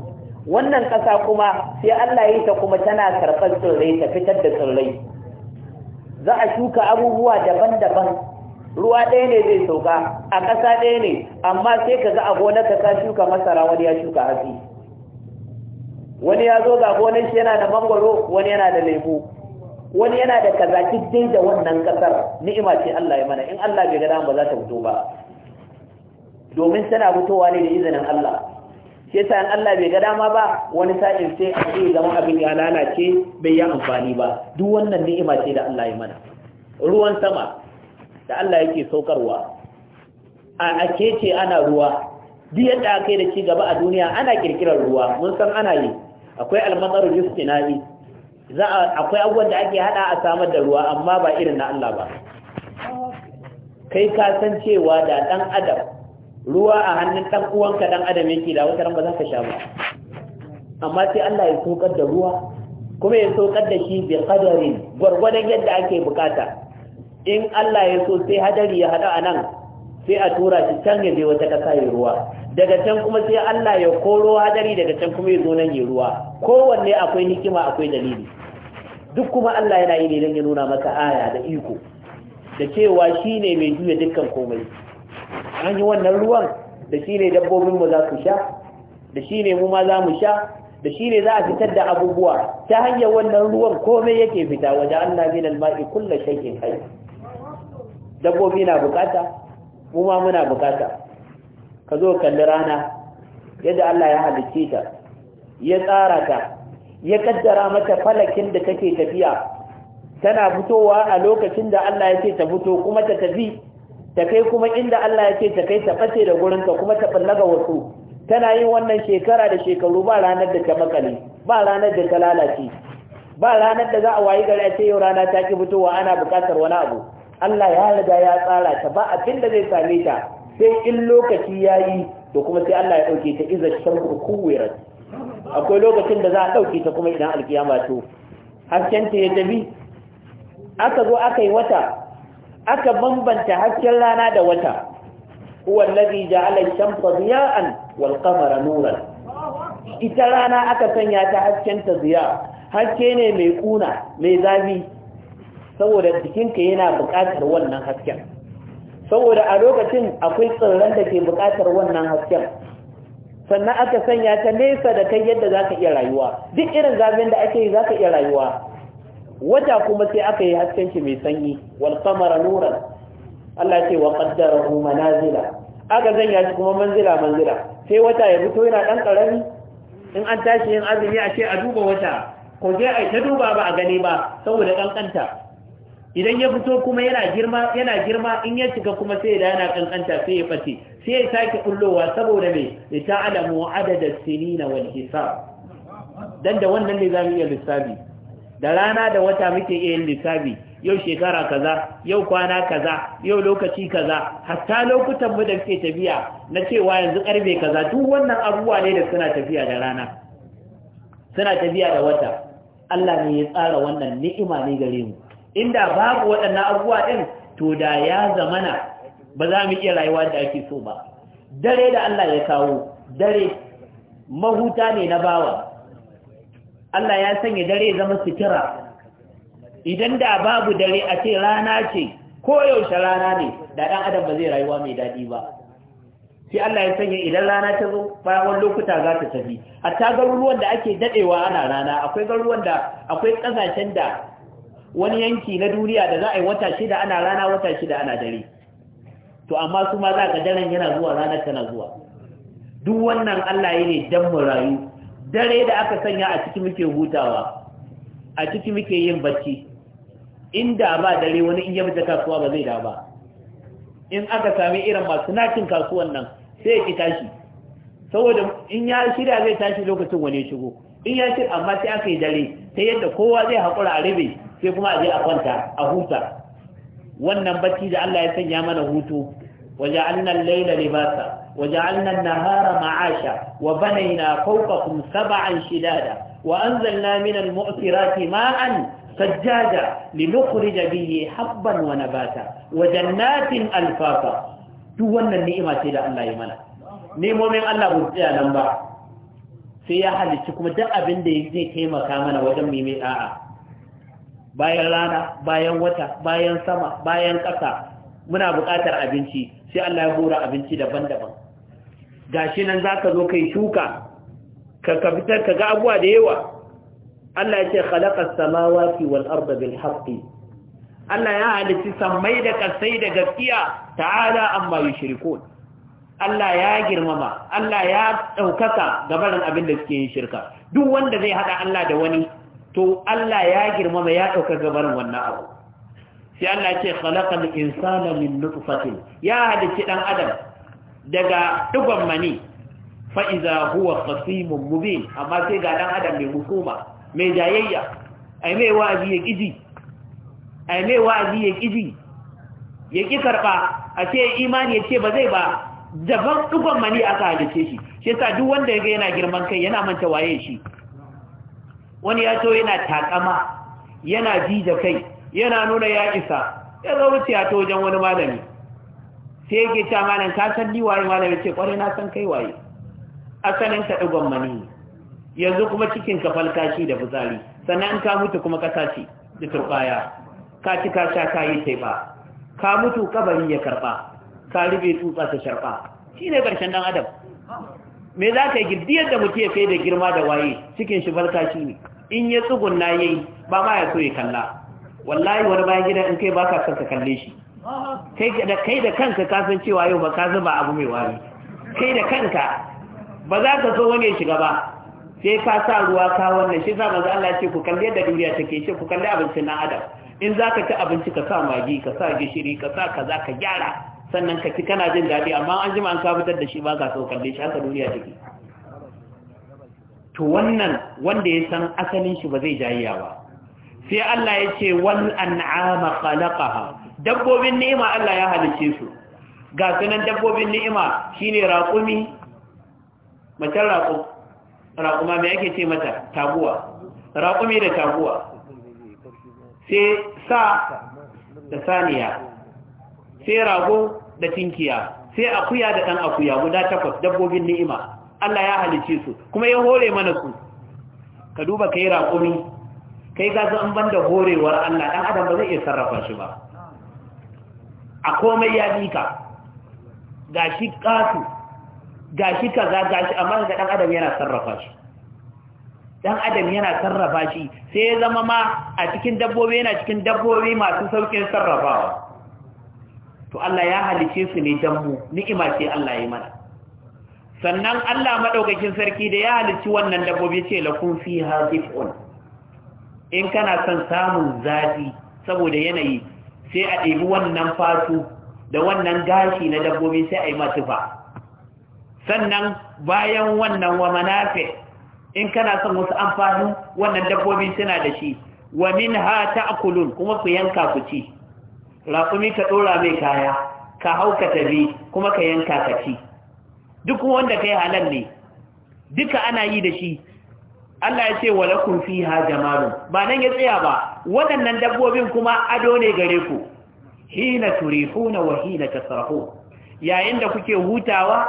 wannan kasa kuma sai Allah ya yi ta kuma tana karɓar tsirrai ta fitar da tsirrai za a shuka abubuwa daban-daban ruwa ɗaya ne zai sauka a ƙasa ɗaya ne amma sai ka ga a gonar ka shuka masara wani ya shuka hatsi wani ya zo ga gonar shi yana da mangwaro wani yana da lemu wani yana da kaza dai da wannan ƙasar ni'ima ce Allah ya mana in Allah bai ga dama ba za ta fito ba domin tana fitowa ne da izinin Allah shi yasa in Allah bai ga dama ba wani sa'in sai a ce zama abin ya lalace bai yi amfani ba duk wannan ni'ima ce da Allah ya mana ruwan sama da Allah yake saukarwa a ake ce ana ruwa duk yadda aka da ci gaba a duniya ana kirkirar ruwa mun san ana yi akwai almatsar justinari za akwai abubuwan da ake hada a samar da ruwa amma ba irin na Allah ba kai ka san cewa da dan adam ruwa a hannun dan uwanka dan adam yake da wata ran ba za ka sha ba amma sai Allah ya saukar da ruwa kuma ya saukar da shi bi qadarin gurgurdan yadda ake bukata in Allah ya so sai hadari ya hada nan sai a tura shi can ya je wata kasa ya ruwa daga can kuma sai Allah ya koro hadari daga can kuma ya zo nan ya ruwa kowanne akwai hikima akwai dalili duk kuma Allah yana yi ne don ya nuna maka aya da iko da cewa shi mai juya dukkan komai an yi wannan ruwan da shi ne dabbobinmu za su sha da shi ne mu ma za mu sha da shine za a fitar da abubuwa ta hanyar wannan ruwan komai yake fita wajen Allah bin al-ma'i kullu shay'in hayy dabbobi na bukata mu ma muna bukata ka zo kalli rana yadda Allah ya halicce ta ya tsara ta ya kaddara mata falakin da take tafiya tana fitowa a lokacin da Allah ya ce ta fito kuma ta tafi ta kai kuma inda Allah ya ce ta kai ta bace da gurinka kuma ta fallaga wasu tana yin wannan shekara da shekaru ba ranar da ta makale ba ranar da ta lalace ba ranar da za a wayi gari a ce yau rana ta ki fitowa ana bukatar wani abu Allah ya riga ya tsara ta ba abin da zai same ta sai in lokaci yayi to kuma sai Allah ya ɗauke ta iza shamku kuwirat akwai lokacin da za a dauke ta kuma idan alkiyama to hasken ya tafi aka zo aka yi wata aka bambanta hasken rana da wata huwa ladija, ja'ala ash-shamsa diya'an wal qamara nuran ita rana aka sanya ta hasken ziya haske ne mai kuna mai zafi saboda jikinka yana buƙatar wannan hasken saboda a lokacin akwai tsirran da ke buƙatar wannan hasken sannan aka sanya ta nesa da kai yadda za ka iya rayuwa duk irin zafin da ake yi za ka iya rayuwa wata kuma sai aka yi hasken shi mai sanyi wal kamar nuran Allah ce wa qaddarahu manazila aka sanya shi kuma manzila manzila sai wata ya fito yana dan karami in an tashi yin azumi a ce a duba wata ko je a ta duba ba a gani ba saboda kankanta idan ya fito kuma yana girma yana girma in ya cika kuma sai da yana kankanta sai ya fati sai ya sake kullowa saboda me ya ta'alamu adada sinina wal hisab dan da wannan ne zamu iya lissafi da rana da wata muke iya yin lissafi yau shekara kaza yau kwana kaza yau lokaci kaza hatta lokutan mu da ke tafiya na cewa yanzu karfe kaza duk wannan abubuwa ne da suna tafiya da rana suna tafiya da wata Allah ne ya tsara wannan ni'ima ne gare mu inda babu waɗannan abubuwa ɗin to da ya zamana ba za mu iya rayuwa da ake so ba dare da Allah ya kawo dare mahuta ne na bawa Allah ya sanya dare zama sitira idan da babu dare a ce rana ce ko yaushe rana ne da ɗan adam ba zai rayuwa mai daɗi ba sai Allah ya sanya idan rana ta zo bayan lokuta za ta tafi a ta garuruwan da ake daɗewa ana rana akwai garuruwan da akwai kasashen da wani yanki na duniya da za a yi wata shida ana rana wata shida ana dare to amma su ma za ka daren yana zuwa ranar tana zuwa duk wannan Allah ya ne dan mu dare da aka sanya a ciki muke hutawa a ciki muke yin bacci inda ba dare wani in ya fita kasuwa ba zai da ba in aka sami irin masu nakin kasuwan nan sai ya ki tashi saboda in ya shirya zai tashi lokacin wani shigo in ya shirya amma sai aka yi dare ta yadda kowa zai haƙura a rabe sai kuma a je a kwanta a huta wannan bacci da Allah ya sanya mana hutu waja'alna al-layla libasa waje an-nahara ma'asha wa banayna fawqakum sab'an shidada wa anzalna min al-mu'thirati ma'an sajjada linukhrija bihi habban wa nabata wa jannatin alfafa duk wannan ni'ima ce da Allah ya mana nemomin Allah ba tsaya nan ba sai ya halicci kuma duk abin da zai taimaka mana wajen mimi da'a bayan rana bayan wata bayan sama bayan ƙasa muna buƙatar abinci sai Allah ya hura abinci daban-daban gashi nan zaka zo kai shuka ka ka fitar ka ga abuwa da yawa Allah ya ce khalaqas samawati wal arda bil haqqi Allah ya halitta samai da kasai da gaskiya ta'ala amma yushrikun Allah ya girmama Allah ya daukaka gaban abin da suke yin shirka duk wanda zai hada Allah da wani to Allah ya girmama ya ɗauka gabarin wannan abu sai Allah ce khalaqal insana min nutfatin ya halici dan adam daga dugon mani fa iza huwa khasimun mubin amma sai ga dan adam mai hukuma mai jayayya ai mai wa'azi ya kiji ai mai wazi ya kiji ya ki karba a ce imani ya ce ba zai ba daban dugon mani aka halice shi shi yasa duk wanda yaga yana girman kai yana manta waye shi wani ya to yana takama yana jija kai yana nuna ya isa ya zo wuce ya to wajen wani malami sai yake ta malam ka san ni waye malami ce kwarai na san kai waye asalin ka digon mani yanzu kuma cikin ka da fitsari sannan ka mutu kuma ka tashi da turbaya ka ci ka sha ka yi ba. ka mutu kabari ya karba ka rube tsutsa ta sharba shine karshen dan adam me za ka yi girdiyar da mutu ya kai da girma da waye cikin shi falkashi ne in ya tsugunna yi ba ma ya so ya kalla wallahi wani bayan gida in kai ba son ka kalle shi kai da kanka ka kanka kasan cewa yau ba ka zuba abu mai wari kai da kanka ba za ka so wani ya shiga ba sai ka sa ruwa ka wannan shi za manzo Allah ce ku kalle da duniya take ce ku kalle abinci na adam in za ka ci abinci ka sa magi ka sa gishiri ka sa kaza ka gyara sannan ka ci kana jin daɗi amma an jima an ka fitar da shi ba ka so kalle shi haka duniya take to wannan wanda ya san asalin shi ba zai jayiya ba sai Allah ya ce wal an'ama khalaqaha dabbobin ni'ima Allah ya halice su ga sunan dabbobin ni'ima shine raqumi raqum raquma me yake ce mata taguwa raqumi da taguwa sai sa da saniya sai rago da tinkiya sai akuya da dan akuya guda takwas dabbobin ni'ima Allah ya halice su kuma ya hore mana su ka duba kai raƙumi kai ka san ban da horewar Allah dan adam ba zai iya sarrafa shi ba a komai ya dika gashi kasu gashi kaza gashi amma ga dan adam yana sarrafa shi dan adam yana sarrafa shi sai ya zama ma a cikin dabbobi yana cikin dabbobi masu saukin sarrafawa to Allah ya halice su ne dan mu ni'ima ce Allah ya yi mana sannan Allah maɗaukakin sarki da ya halicci wannan dabbobi ce lakum fiha on? in kana son samun zafi saboda yanayi sai a ɗebi wannan fatu da wannan gashi na dabbobi sai a yi matufa sannan bayan wannan wa manafi in kana son wasu amfani wannan dabbobi suna da shi wa min ha ta'kulun kuma ku yanka ku ci raƙumi ka ɗora mai kaya ka hau ka tabi kuma ka yanka ka ci duk wanda kai halal ne duka ana yi da shi Allah ya ce walakum fiha jamalun ba nan ya tsaya ba waɗannan dabbobin kuma ado ne gare ku hina turifuna wa hina tasrahu yayin da kuke hutawa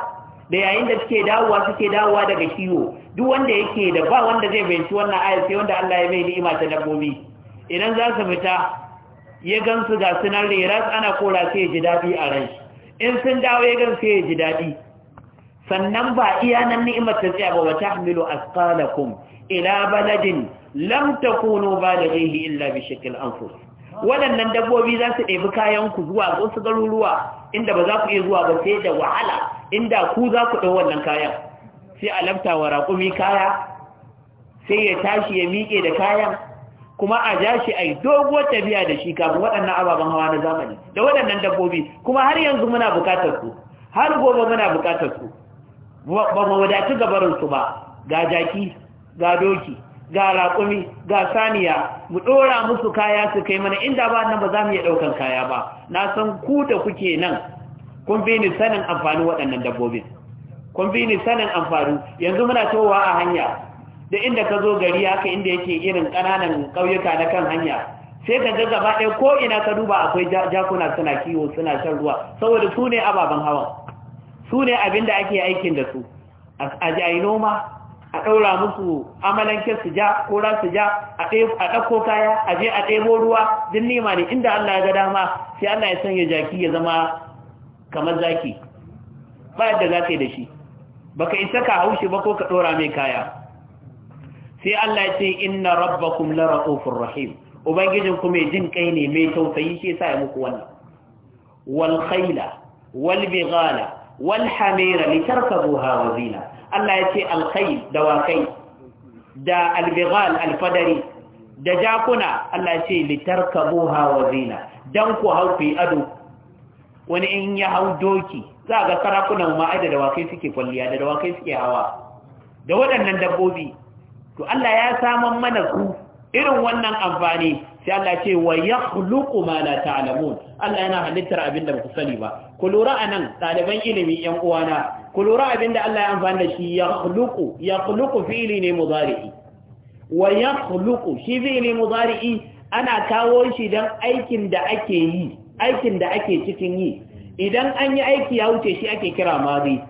da yayin da suke dawowa suke dawowa daga kiwo duk wanda yake da ba wanda zai bayanci wannan ayat sai wanda Allah ya mai ni'ima ta dabbobi idan za su fita ya gansu ga sunan reras ana kora sai ya ji daɗi a rai in sun dawo ya gansu ya ji daɗi sannan ba iya nan ni'imar ta tsaya ba wa tahmilu asqalakum ila baladin lam takunu balighihi illa bi shakl anfus waɗannan dabbobi za su ɗebi kayan ku zuwa wasu garuruwa inda ba za ku iya zuwa ba sai da wahala inda ku za ku ɗau wannan kayan sai a laftawa wa raƙumi kaya sai ya tashi ya miƙe da kayan kuma a jashi shi a yi doguwar tafiya da shi kafin waɗannan ababen hawa na zamani da waɗannan dabbobi kuma har yanzu muna buƙatar su har gobe muna buƙatar su ba mu wadatu gabarinsu ba ga jaki ga doki ga raƙumi ga saniya mu ɗora musu kaya su kai mana inda ba nan ba za mu iya ɗaukan kaya ba na san ku da kuke nan kun bi ni sanin amfanin waɗannan dabbobin kun bi ni sanin amfani yanzu muna towa a hanya da inda ka zo gari haka inda yake irin ƙananan ƙauyuka na kan hanya sai ka ga gaba ɗaya ko ina ka duba akwai jakuna suna kiwo suna shan ruwa saboda su ne ababen hawa. su ne abin da ake aikin da su a ji a noma a ɗaura musu amalanke su ja ko ran su ja a ɗauko kaya a je a ɗebo ruwa din nema ne inda Allah ya ga dama sai Allah ya sanya jaki ya zama kamar zaki ba yadda za ka yi da shi Ba ka isa ka haushi ba ko ka ɗora mai kaya sai Allah ya ce inna rabbakum la ra'ufur rahim ubangijin ku mai jin kai ne mai tausayi shi yasa ya muku wannan wal khayla wal bighala wal hamira litarka wa zina Allah ya ce alkhayl dawakai da albighal alfadari da jakuna Allah ya ce litarkabuha wa zina dan ku haufi ado wani in ya hau doki za ga sarakunan ma'aida da dawakai suke kwalliya da dawakai suke hawa da waɗannan dabbobi to Allah ya saman mana ku irin wannan amfani sai Allah ce wa yakhluqu ma la ta'lamun Allah yana halittar abin da ba ku sani ba ku lura a nan ɗaliban ilimi ‘yan uwana ku lura abin da Allah ya amfani da shi ya khuluku ya khuluku fi'ili ne wa ya khuluku shi fi'ili muzari'i ana kawo shi don aikin da ake yi aikin da ake cikin yi idan an yi aiki ya wuce shi ake kira mazi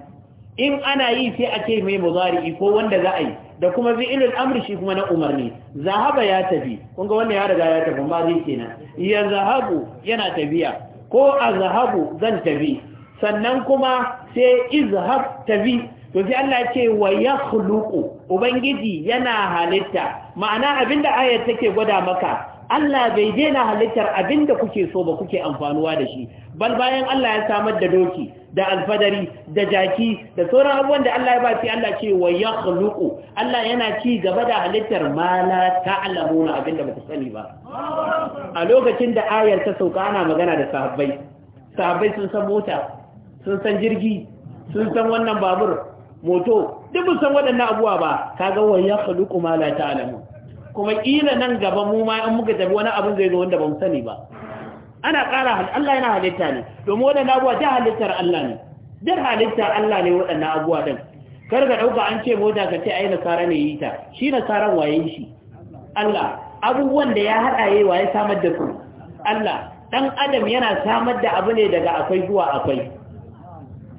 in ana yi sai a ce mai muzari'i ko wanda za a yi da kuma fi'ilul amri shi kuma na umarni zahaba ya tafi kun ga wannan ya riga ya tafi mazi kenan ya zahabu yana tafiya ko azhabu zan tafi sannan kuma sai izhab tafi to sai Allah ya ce wa yakhluqu ubangiji yana halitta ma'ana abinda ayar take gwada maka Allah bai dena halittar abinda kuke so ba kuke amfanuwa da shi bal bayan Allah ya samar da doki da alfadari da jaki da sauran abubuwan da Allah ya ba sai Allah ce wa yakhluqu Allah yana ci gaba da halittar ma la ta'lamuna abinda bata sani ba a lokacin da ayar ta sauka ana magana da sahabbai sahabbai sun san mota sun san jirgi sun san wannan babur moto duk san waɗannan abuwa ba kaga wa yakhluqu ma la ta'lamun kuma kila nan gaba mu ma in muka tafi wani abin zai zo wanda ba mu sani ba ana ƙara Allah yana halitta ne domin waɗannan abuwa da halittar Allah ne duk halittar Allah ne waɗannan abuwa ɗin kar ka ɗauka an ce mota ka ce ai nasara ne yi ta shi nasaran waye shi Allah abubuwan da ya haɗa yi waye samar da su Allah ɗan adam yana samar da abu ne daga akwai zuwa akwai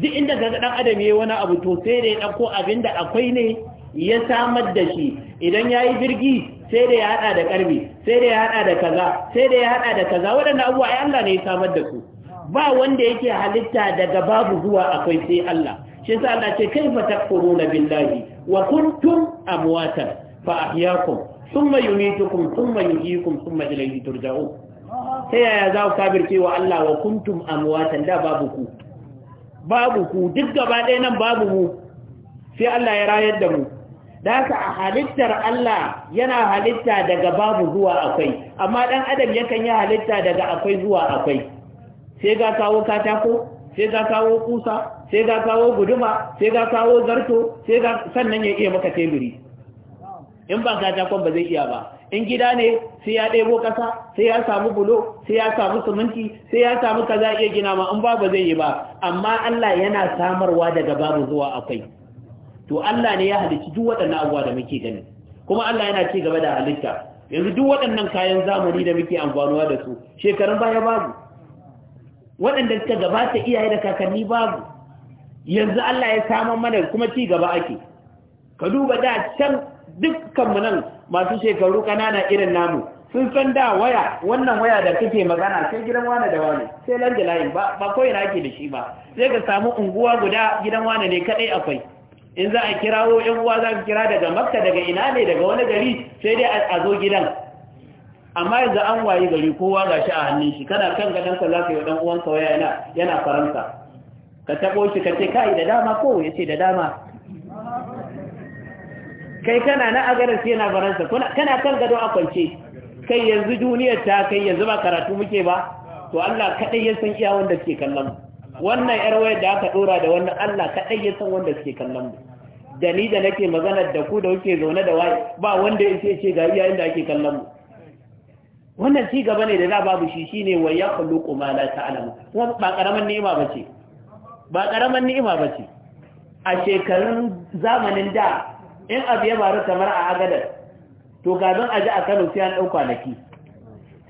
duk inda ka ɗan adam ya yi wani abu to sai dai ɗan ko abin da akwai ne ya samar da shi idan ya yi jirgi sai da ya hada da karbi sai da ya hada da kaza sai da ya hada da kaza waɗannan abubuwa ai Allah ne ya samar da su ba wanda yake halitta daga babu zuwa akwai sai Allah shi yasa Allah ce kaifa takfuruna billahi wa kuntum amwatan fa ahyaakum thumma yumitukum thumma yuhyikum thumma ilayhi turja'un sai yaya za ku kafirce wa Allah wa kuntum amwatan da babu ku babu ku duk gaba ɗaya nan babu mu sai Allah ya rayar da mu Daka a halittar Allah yana halitta daga babu zuwa akwai, amma ɗan adam yakan yi halitta daga akwai zuwa akwai. Sai ga kawo katako, sai ga kawo kusa, sai ga kawo guduma, sai ga kawo zarto, sai ga sannan ya iya maka teburi. In ba katakon ba zai iya ba, in gida ne sai ya ɗebo ƙasa sai ya samu bulo sai ya samu suminti sai ya samu kaza iya gina ma in ba ba zai yi ba amma Allah yana samarwa daga babu zuwa akwai to Allah ne ya halicci duk waɗannan abuwa da muke gani kuma Allah yana ci gaba da halitta yanzu duk waɗannan kayan zamani da muke amfanuwa da su shekarun baya babu waɗanda suka gabata iyaye da kakanni babu yanzu Allah ya samu mana kuma ci gaba ake ka duba da can dukkan mu nan masu shekaru kanana irin namu sun san da waya wannan waya da kake magana sai gidan wane da wane sai lanjalayin ba ba koyi ake da shi ba sai ka samu unguwa guda gidan wane ne kadai akwai in za a kirawo ‘yan uwa za a kira daga makka daga ina ne daga wani gari sai dai a zo gidan amma yanzu an waye gari kowa ga shi a hannun shi kana kan gadansa za ka yi ɗan uwanka waya yana yana faransa ka taɓo shi ka ce kai da dama ko ya ce da dama kai kana na agarar sai yana faransa kana kan gado a kwance kai yanzu duniyar ta kai yanzu ba karatu muke ba to Allah kaɗai ya san iya wanda suke kallon mu wannan yar wayar da aka dora da wannan Allah kadai ya san wanda suke kallon mu da ni da nake magana da ku da kuke zaune da wai ba wanda yake ce ga iyayen inda ake kallon mu wannan ci gaba ne da za babu shi shine wa ya kullu kuma la ta'lamu kuma ba karaman ni'ima bace ba karaman ni'ima bace a shekarun zamanin da in abu ya faru kamar a agadar to ga a ji a Kano sai an dauka laki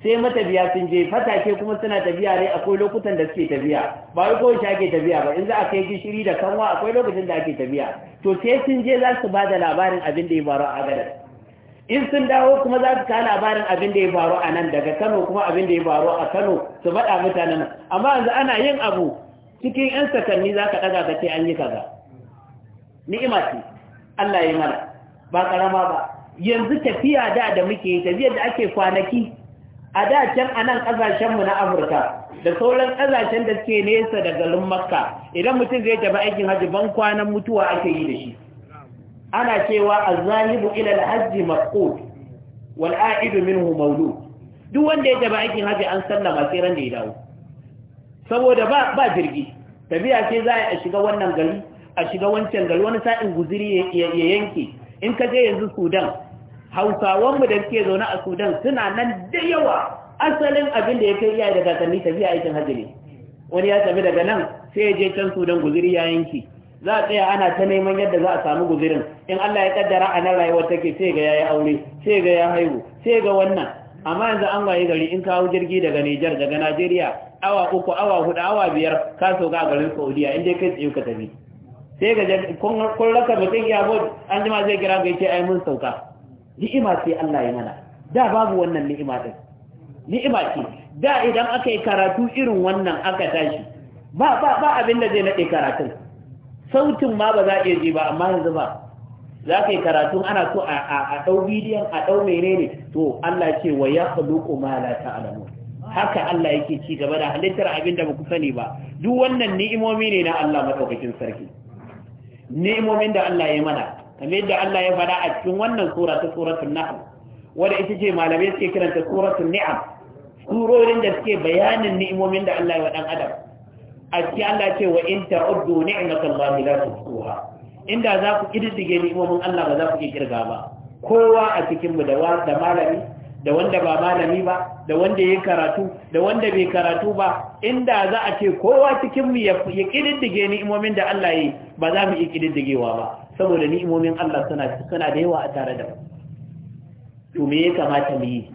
sai matabiya sun je fatake kuma suna tafiya ne akwai lokutan da suke tafiya ba wai shi ake tafiya ba in za a kai gishiri da kanwa akwai lokacin da ake tafiya to sai sun je za su ba da labarin abin da ya faru a gadar in sun dawo kuma za su kawo labarin abin da ya faru a nan daga kano kuma abin da ya faru a kano su faɗa mutanen amma yanzu ana yin abu cikin 'yan sakanni za ka ɗaga ka ce an yi kaza ni'ima ce Allah ya mana ba ƙarama ba yanzu tafiya da da muke tafiyar da ake kwanaki a da can a nan ƙasashenmu na afirka da sauran ƙasashen da suke nesa da garin makka idan mutum zai tafi aikin hajji ban kwanan mutuwa ake yi da shi ana cewa azahibu ila alhajji maqut wal a'idu minhu mawlud duk wanda ya tafi aikin hajji an sallama sai ran da ya dawo saboda ba ba jirgi tafiya ce za a shiga wannan gari a shiga wancan gari wani sa'in guziri ya yanke in ka je yanzu Sudan mu da suke zaune a sudan suna nan da yawa asalin abin da ya kai iyaye da kakanni tafiya aikin hajji ne wani ya tafi daga nan sai ya je can sudan guziri ya yanki za a tsaya ana ta neman yadda za a samu guzirin in Allah ya kaddara a nan rayuwar take sai ga yayi aure sai ga ya haihu sai ga wannan amma yanzu an waye gari in kawo jirgi daga Nijar, daga Najeriya awa uku awa hudu awa biyar ka so ga garin Saudiya inda kai tsaye ka tafi sai ga kun raka mutum ya bod an jima zai kira ga "Ke ai mun sauka ni'ima ce Allah ya mana da babu wannan ni'ima din ni'ima ce da idan aka yi karatu irin wannan aka tashi ba ba ba abin da zai nade karatun sautin ma ba za a iya ji ba amma yanzu ba za ka yi karatun ana so a ɗau bidiyon a ɗau menene to Allah ce wa ya khuluqu ma la ta'lamu haka Allah yake ci gaba da halittar abin da ku sani ba duk wannan ni'imomi ne na Allah madaukakin sarki ni'imomin da Allah ya mana kamar yadda Allah ya faɗa a cikin wannan sura ta suratul nahl wanda ita ce malamai suke kiranta suratul ni'am surorin da suke bayanin ni'imomin da Allah ya wa dan adam a cikin Allah ce wa in ta'uddu ni'matallahi la tuhsuha inda za ku kididdige ni'imomin Allah ba za ku kirga ba kowa a cikin mu da malami da wanda ba malami ba da wanda ya karatu da wanda bai karatu ba inda za a ce kowa cikin mu ya kididdige ni'imomin da Allah yi ba za mu yi kididdigewa ba saboda ni'imomin Allah suna da yawa a tare da mu to me ya kamata mu yi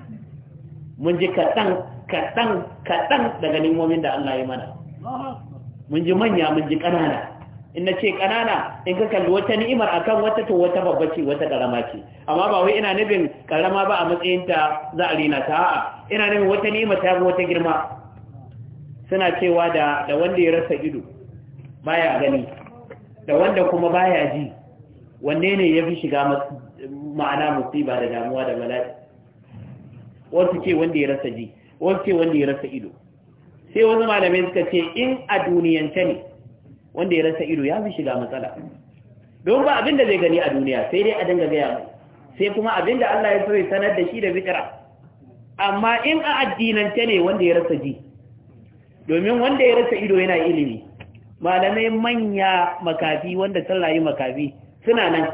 mun ji kaɗan kaɗan kaɗan daga ni'imomin da Allah ya mana mun ji manya mun ji ƙanana in na ce ƙanana in ka kalli wata ni'imar akan wata to wata babba ce wata ƙarama ce amma ba wai ina nufin ƙarama ba a matsayinta za a rina ta a'a ina nufin wata ni'ima ta fi wata girma suna cewa da da wanda ya rasa ido baya gani da wanda kuma baya ji wanne ne ya fi shiga ma'ana musiba da damuwa da bala'i wasu ce wanda ya rasa ji wasu ce wanda ya rasa ido sai wasu malamai suka ce in a duniyance ne wanda ya rasa ido ya fi shiga matsala don ba abin da zai gani a duniya sai dai a dinga gaya ba. sai kuma abin da Allah ya so ya sanar da shi da fitira amma in a addinance ne wanda ya rasa ji domin wanda ya rasa ido yana ilimi malamai manya makafi wanda sallayi makafi suna nan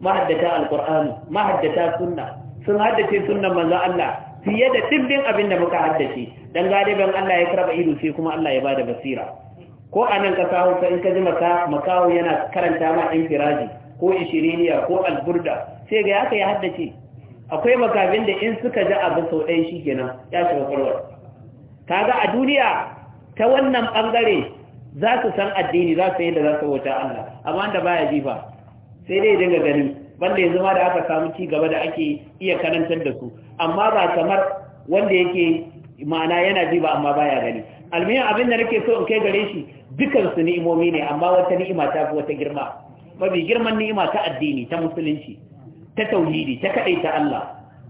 mahaddata alkur'ani mahaddata sunna sun haddace sunnan manzo Allah fiye da dibbin abin da muka haddace dan galiban Allah ya karba ido sai kuma Allah ya bada basira ko a nan ƙasa hausa in ka ji makawo yana karanta ma ɗin firaji ko ishiriniya ko alburda sai ga ya ka yi haddace akwai makabin da in suka ji abin sau ɗaya shi kenan ya shiga kwarwar kaga a duniya ta wannan ɓangare za su san addini za su yi da za su wuta Allah amma da baya ji sai dai dinga ganin banda yanzu ma da aka samu ci gaba da ake iya karantar da su amma ba kamar wanda yake ma'ana yana ji ba amma baya gani almiyan abin da nake so in kai gare shi dukansu ni'imomi ne amma wata ni'ima ta fi wata girma mafi girman ni'ima ta addini ta musulunci ta tauhidi ta kaɗai ta Allah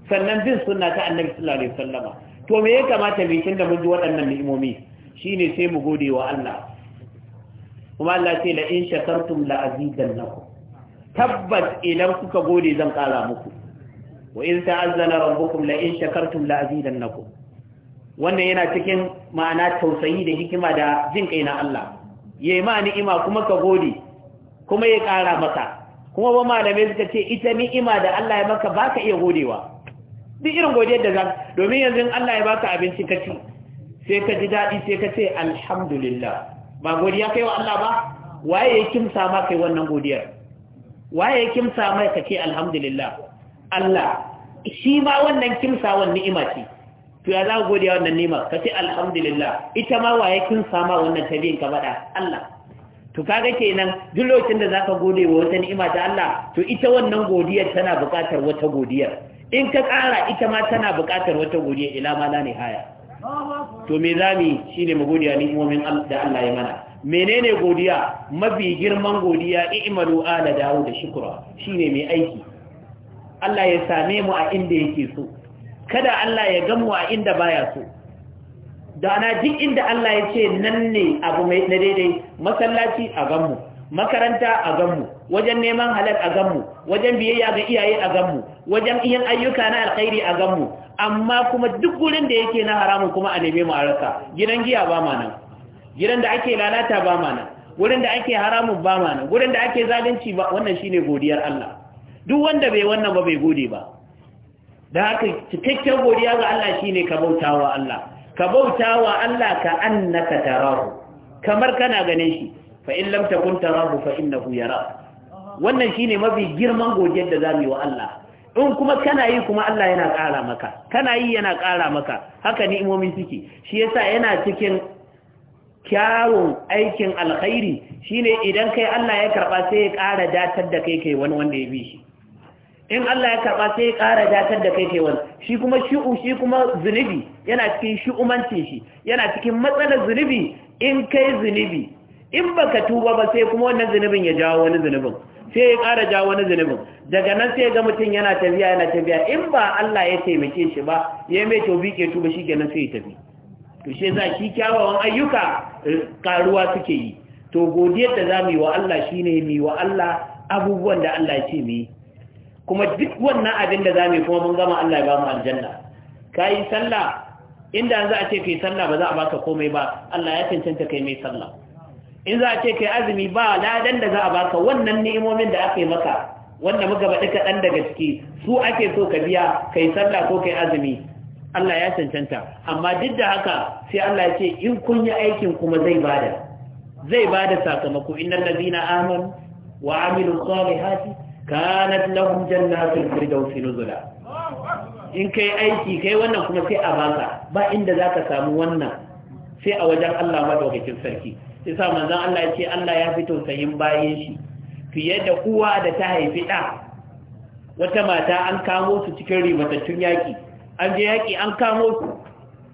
sannan bin sunna ta annabi sallallahu alaihi wasallama to me ya kamata mu tunda mun ji waɗannan ni'imomi shine sai mu gode wa Allah kuma Allah ce la in shakartum la azidannakum tabbas idan kuka gode zan ƙara muku wa in ta'azzana rabbukum la in shakartum la azidannakum wannan yana cikin ma'ana tausayi da hikima da jin kai na Allah ya yi ma ni'ima kuma ka gode kuma ya ƙara maka kuma ba malamai suka ce ita ni'ima da Allah ya maka ba ka iya godewa duk irin godiyar da za domin yanzu Allah ya baka abinci ka ci sai ka ji daɗi sai ka ce alhamdulillah ba godiya kai wa Allah ba waye ya kimsa ma kai wannan godiyar waye ya kimsa mai ka ce alhamdulillah Allah shi ma wannan kimsawan ni'ima ce to ya za ku godiya wannan nima ka ce alhamdulillah ita ma waye kin sama wannan tabiyin ka faɗa Allah to kaga kenan duk lokacin da zaka gode wa wata ni'ima ta Allah to ita wannan godiyar tana buƙatar wata godiyar in ka ƙara ita ma tana buƙatar wata godiyar ila ma la nihaya to me zami shine mu godiya ni'imomin da Allah ya mana menene godiya mafi girman godiya i'malu ala dawud shukra shine mai aiki Allah ya same mu a inda yake so kada Allah ya gamu a inda baya so da na duk inda Allah ya ce nan ne abu mai na daidai masallaci a ganmu makaranta a ganmu wajen neman halal a ganmu wajen biyayya ga iyaye a ganmu wajen yin ayyuka na alkhairi a ganmu amma kuma duk gurin da yake na haramun kuma a neme mu a rasa gidan giya ba ma nan gidan da ake lalata ba ma nan gurin da ake haramun ba ma nan gurin da ake zalunci ba wannan shine godiyar Allah duk wanda bai wannan ba bai gode ba da haka cikakken godiya ga Allah shi ne ka bauta wa Allah ka bauta wa Allah ka annaka tarahu kamar kana ganin shi fa in lam takun tarahu fa innahu yara wannan shine mafi girman godiyar da zamu yi wa Allah in kuma kana yi kuma Allah yana ƙara maka kana yi yana ƙara maka haka ni'imomin suke shi yasa yana cikin kyawun aikin alkhairi shine idan kai Allah ya karɓa sai ya ƙara datar da kai kai wani wanda ya bi shi in Allah ya karɓa sai ya ƙara dakar da kai kai wani shi kuma shi'u shi kuma zunubi yana cikin shi'umancin shi yana cikin matsalar zunubi in kai zunubi in baka tuba ba sai kuma wannan zunubin ya jawo wani zunubin sai ya ƙara jawo wani zunubin daga nan sai ga mutum yana tafiya yana tafiya in ba Allah ya taimake shi ba ya mai bi ke tuba shi kenan sai ya tafi to shi za shi kyawawan ayyuka karuwa eh, suke yi to godiyar da za yi wa Allah shine mu wa Allah abubuwan da Allah ya ce mu yi kuma duk wannan abin da za mu yi kuma mun gama Allah ya ba mu aljanna ka yi sallah inda za a ce kai sallah ba za a baka komai ba Allah ya cancanta kai mai sallah in za a ce kai azumi ba ladan da za a baka wannan ni'imomin da aka yi maka wanda muka baɗi kaɗan daga ciki su ake so ka biya kai sallah ko kai azumi Allah ya cancanta amma duk da haka sai Allah ya ce in kun yi aikin kuma zai bada zai bada sakamako innal ladina amanu wa amilus salihati kanat lahum jannatul firdaus nuzula in kai aiki kai wannan kuma sai a baka ba inda zaka samu wannan sai a wajen Allah madaukakin sarki yasa manzon Allah ya ce Allah ya fito sayin bayin shi fiye da uwa da ta haifi da wata mata an kamo su cikin rimatattun yaki an je yaki an kamo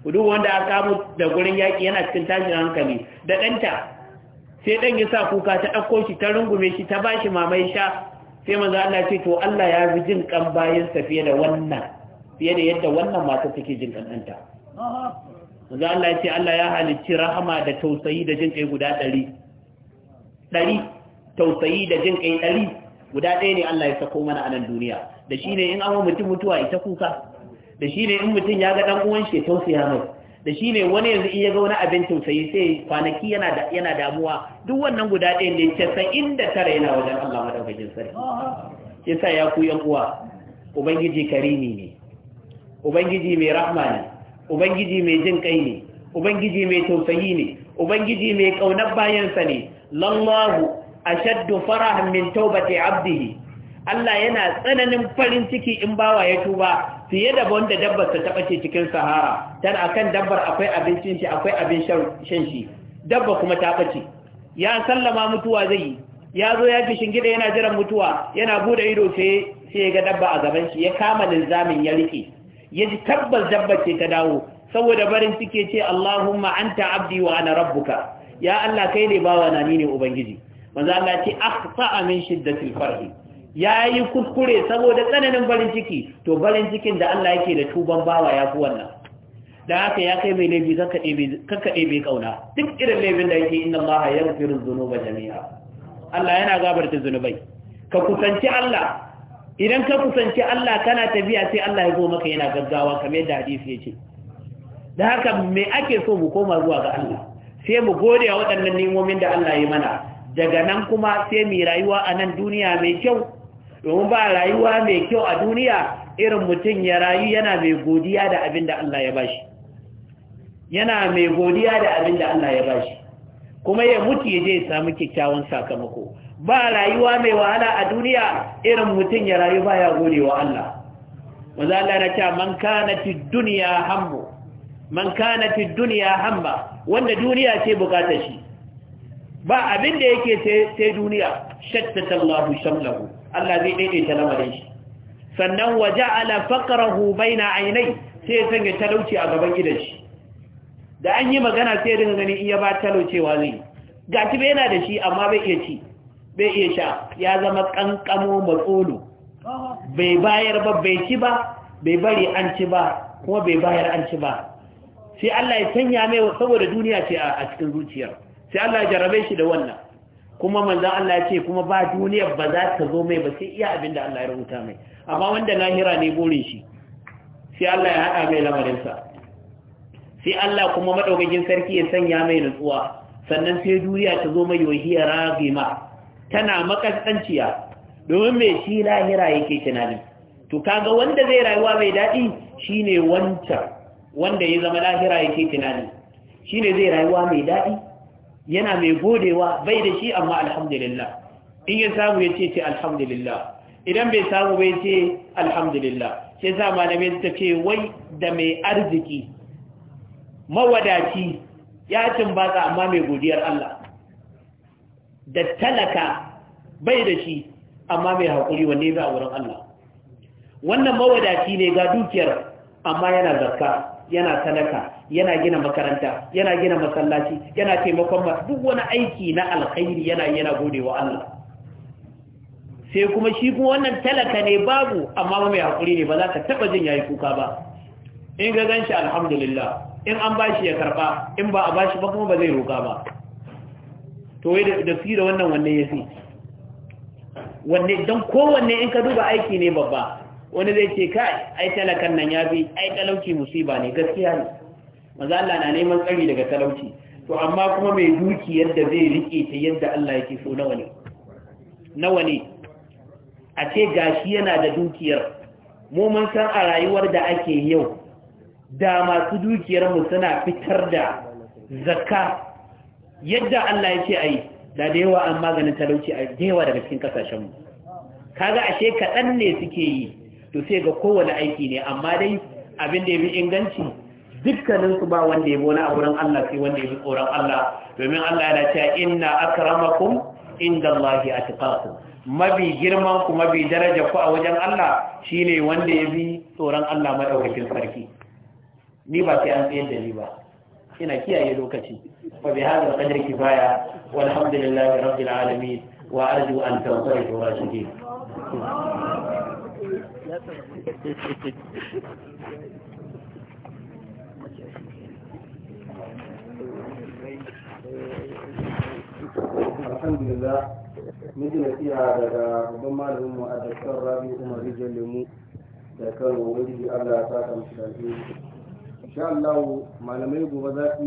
su duk wanda aka kamo da gurin yaki yana cikin tashin hankali da danta sai dan ya sa kuka ta ɗauko shi ta rungume shi ta bashi mamai sha sai manzo Allah ce to Allah ya fi jin kan bayin sa fiye da wannan fiye da yadda wannan mata take jin kan ɗanta manzo Allah ya ce Allah ya halicci rahama da tausayi da jin kai guda ɗari, 100 tausayi da jin kai 100 guda ɗaya ne Allah ya sako mana a nan duniya da shine in an mutum mutuwa ita kuka da shine in mutum ya ga dan uwan shi tausaya mai da shi ne wani yanzu iya ga wani abin tausayi sai kwanaki yana damuwa duk wannan guda ɗaya ne san inda tara yana wajen Allah madaukakin sarki yasa ya ku yan uwa ubangiji karimi ne ubangiji mai rahma ne ubangiji mai jin kai ne ubangiji mai tausayi ne ubangiji mai kaunar bayansa ne lallahu ashaddu farahan min tawbati abdihi Allah yana tsananin farin ciki in bawa ya tuba fiye da wanda dabbar ta taɓa ce cikin sahara tana akan dabbar akwai abincin shi akwai abin shan shi dabba kuma ta ɓace ya sallama mutuwa zai yi ya zo ya kishin gida yana jiran mutuwa yana bude ido sai ya ga dabba a gaban shi ya kama linzamin ya rike ya ji tabbas dabbar ce ta dawo saboda barin cike ce Allahumma anta abdi wa ana rabbuka ya Allah kai ne bawa na ni ne ubangiji manzo Allah ce akhta min shiddatil farhi ya yi kuskure saboda tsananin barin ciki to barin cikin da Allah yake da tuban bawa ya fi wannan da haka ya kai mai laifi kakkaɗe mai kauna duk irin laifin da yake inna Allah ya firin zunuba jami'a Allah yana da zunubai ka kusanci Allah idan ka kusanci Allah kana tafiya sai Allah ya zo maka yana gaggawa kamar yadda hadisi ya ce da haka me ake so mu koma zuwa ga Allah sai mu gode wa waɗannan nemomin da Allah ya mana daga nan kuma sai mu rayuwa a nan duniya mai kyau domin ba rayuwa mai kyau a duniya irin mutum ya rayu yana mai godiya da abin da Allah ya bashi yana mai godiya da abin da Allah ya bashi kuma ya mutu ya je ya samu kyakkyawan sakamako ba rayuwa mai wahala a duniya irin mutum ya rayu ba ya gode wa Allah wanda Allah ya ce man kanati dunya hambo man dunya hamma wanda duniya ce bukatar shi ba abin da yake sai duniya shatta Allahu shamlahu Allah zai daidaita lamarin shi sannan waje ala faqrahu na ainai sai ya sanya talauci a gaban gidan shi da an yi magana sai ya dinga ganin iya ba talaucewa zai gaci bai yana da shi amma bai iya ci bai iya sha ya zama kankamo matsolo bai bayar ba bai ci ba bai bari an ci ba kuma bai bayar an ci ba sai Allah ya sanya mai saboda duniya ce a cikin zuciyar sai Allah ya jarabe shi da wannan kuma manzan Allah ya ce kuma ba duniyar ba za ta zo mai ba sai iya abinda da Allah ya rubuta mai amma wanda lahira ne burin shi sai Allah ya haɗa mai lamarinsa sai Allah kuma maɗaukakin sarki ya sanya mai nutsuwa sannan sai duniya ta zo mai yohiya ragima tana makasanciya domin mai shi lahira yake tunani to kaga wanda zai rayuwa mai daɗi shine wancan wanda ya zama lahira yake tunani shine zai rayuwa mai daɗi yana mai godewa bai da shi amma alhamdulillah in ya samu ya ce ce alhamdulillah idan bai samu bai ce alhamdulillah sai sa malamai ta ce wai da mai arziki mawadaci ya batsa amma mai godiyar Allah da talaka bai da shi amma mai haƙuri wanne ba a wurin Allah wannan mawadaci ne ga dukiyar amma yana zakka yana talaka yana gina makaranta yana gina masallaci yana taimakon masu duk wani aiki na alkhairi yana yana gode wa Allah sai kuma shi kuma wannan talaka ne babu amma mai hakuri ne ba za ka taba jin yayi kuka ba in ga ganshi alhamdulillah in an bashi ya karba in ba a bashi ba kuma ba zai roka ba to wai da tsira da wannan wanne fi. wanne don kowanne in ka duba aiki ne babba wani zai ce kai ai talakan nan ya bi ai talauci musiba ne gaskiya ne maza Allah na neman tsari daga talauci to amma kuma mai dukiyar da zai rike ta yadda Allah yake so nawa ne nawa ne a ce gashi yana da dukiyar mu mun san a rayuwar da ake yau da masu dukiyar mu suna fitar da zakka yadda Allah yake ayi da da yawa an maganin talauci a da yawa daga cikin kasashen mu kaga ashe kaɗan ne suke yi to sai ga kowane aiki ne amma dai abin da ya bi inganci dukkanin su ba wanda ya bona a wurin Allah sai wanda ya bi tsoron Allah domin Allah yana cewa inna akramakum indallahi atqakum mabi girman ku mabi daraja ku a wajen Allah shine wanda ya bi tsoron Allah madaukakin sarki ni ba sai an tsayar da ni ba ina kiyaye lokaci fa bi hadha qadri kifaya walhamdulillahi rabbil alamin wa arju an tanfaridu rashidin alhamdulillah miji na iya daga babban malamin mu a daktar rabi umar rijiyar lemu da kano wani allah ta kamshi da alheri insha allahu malamai gobe za su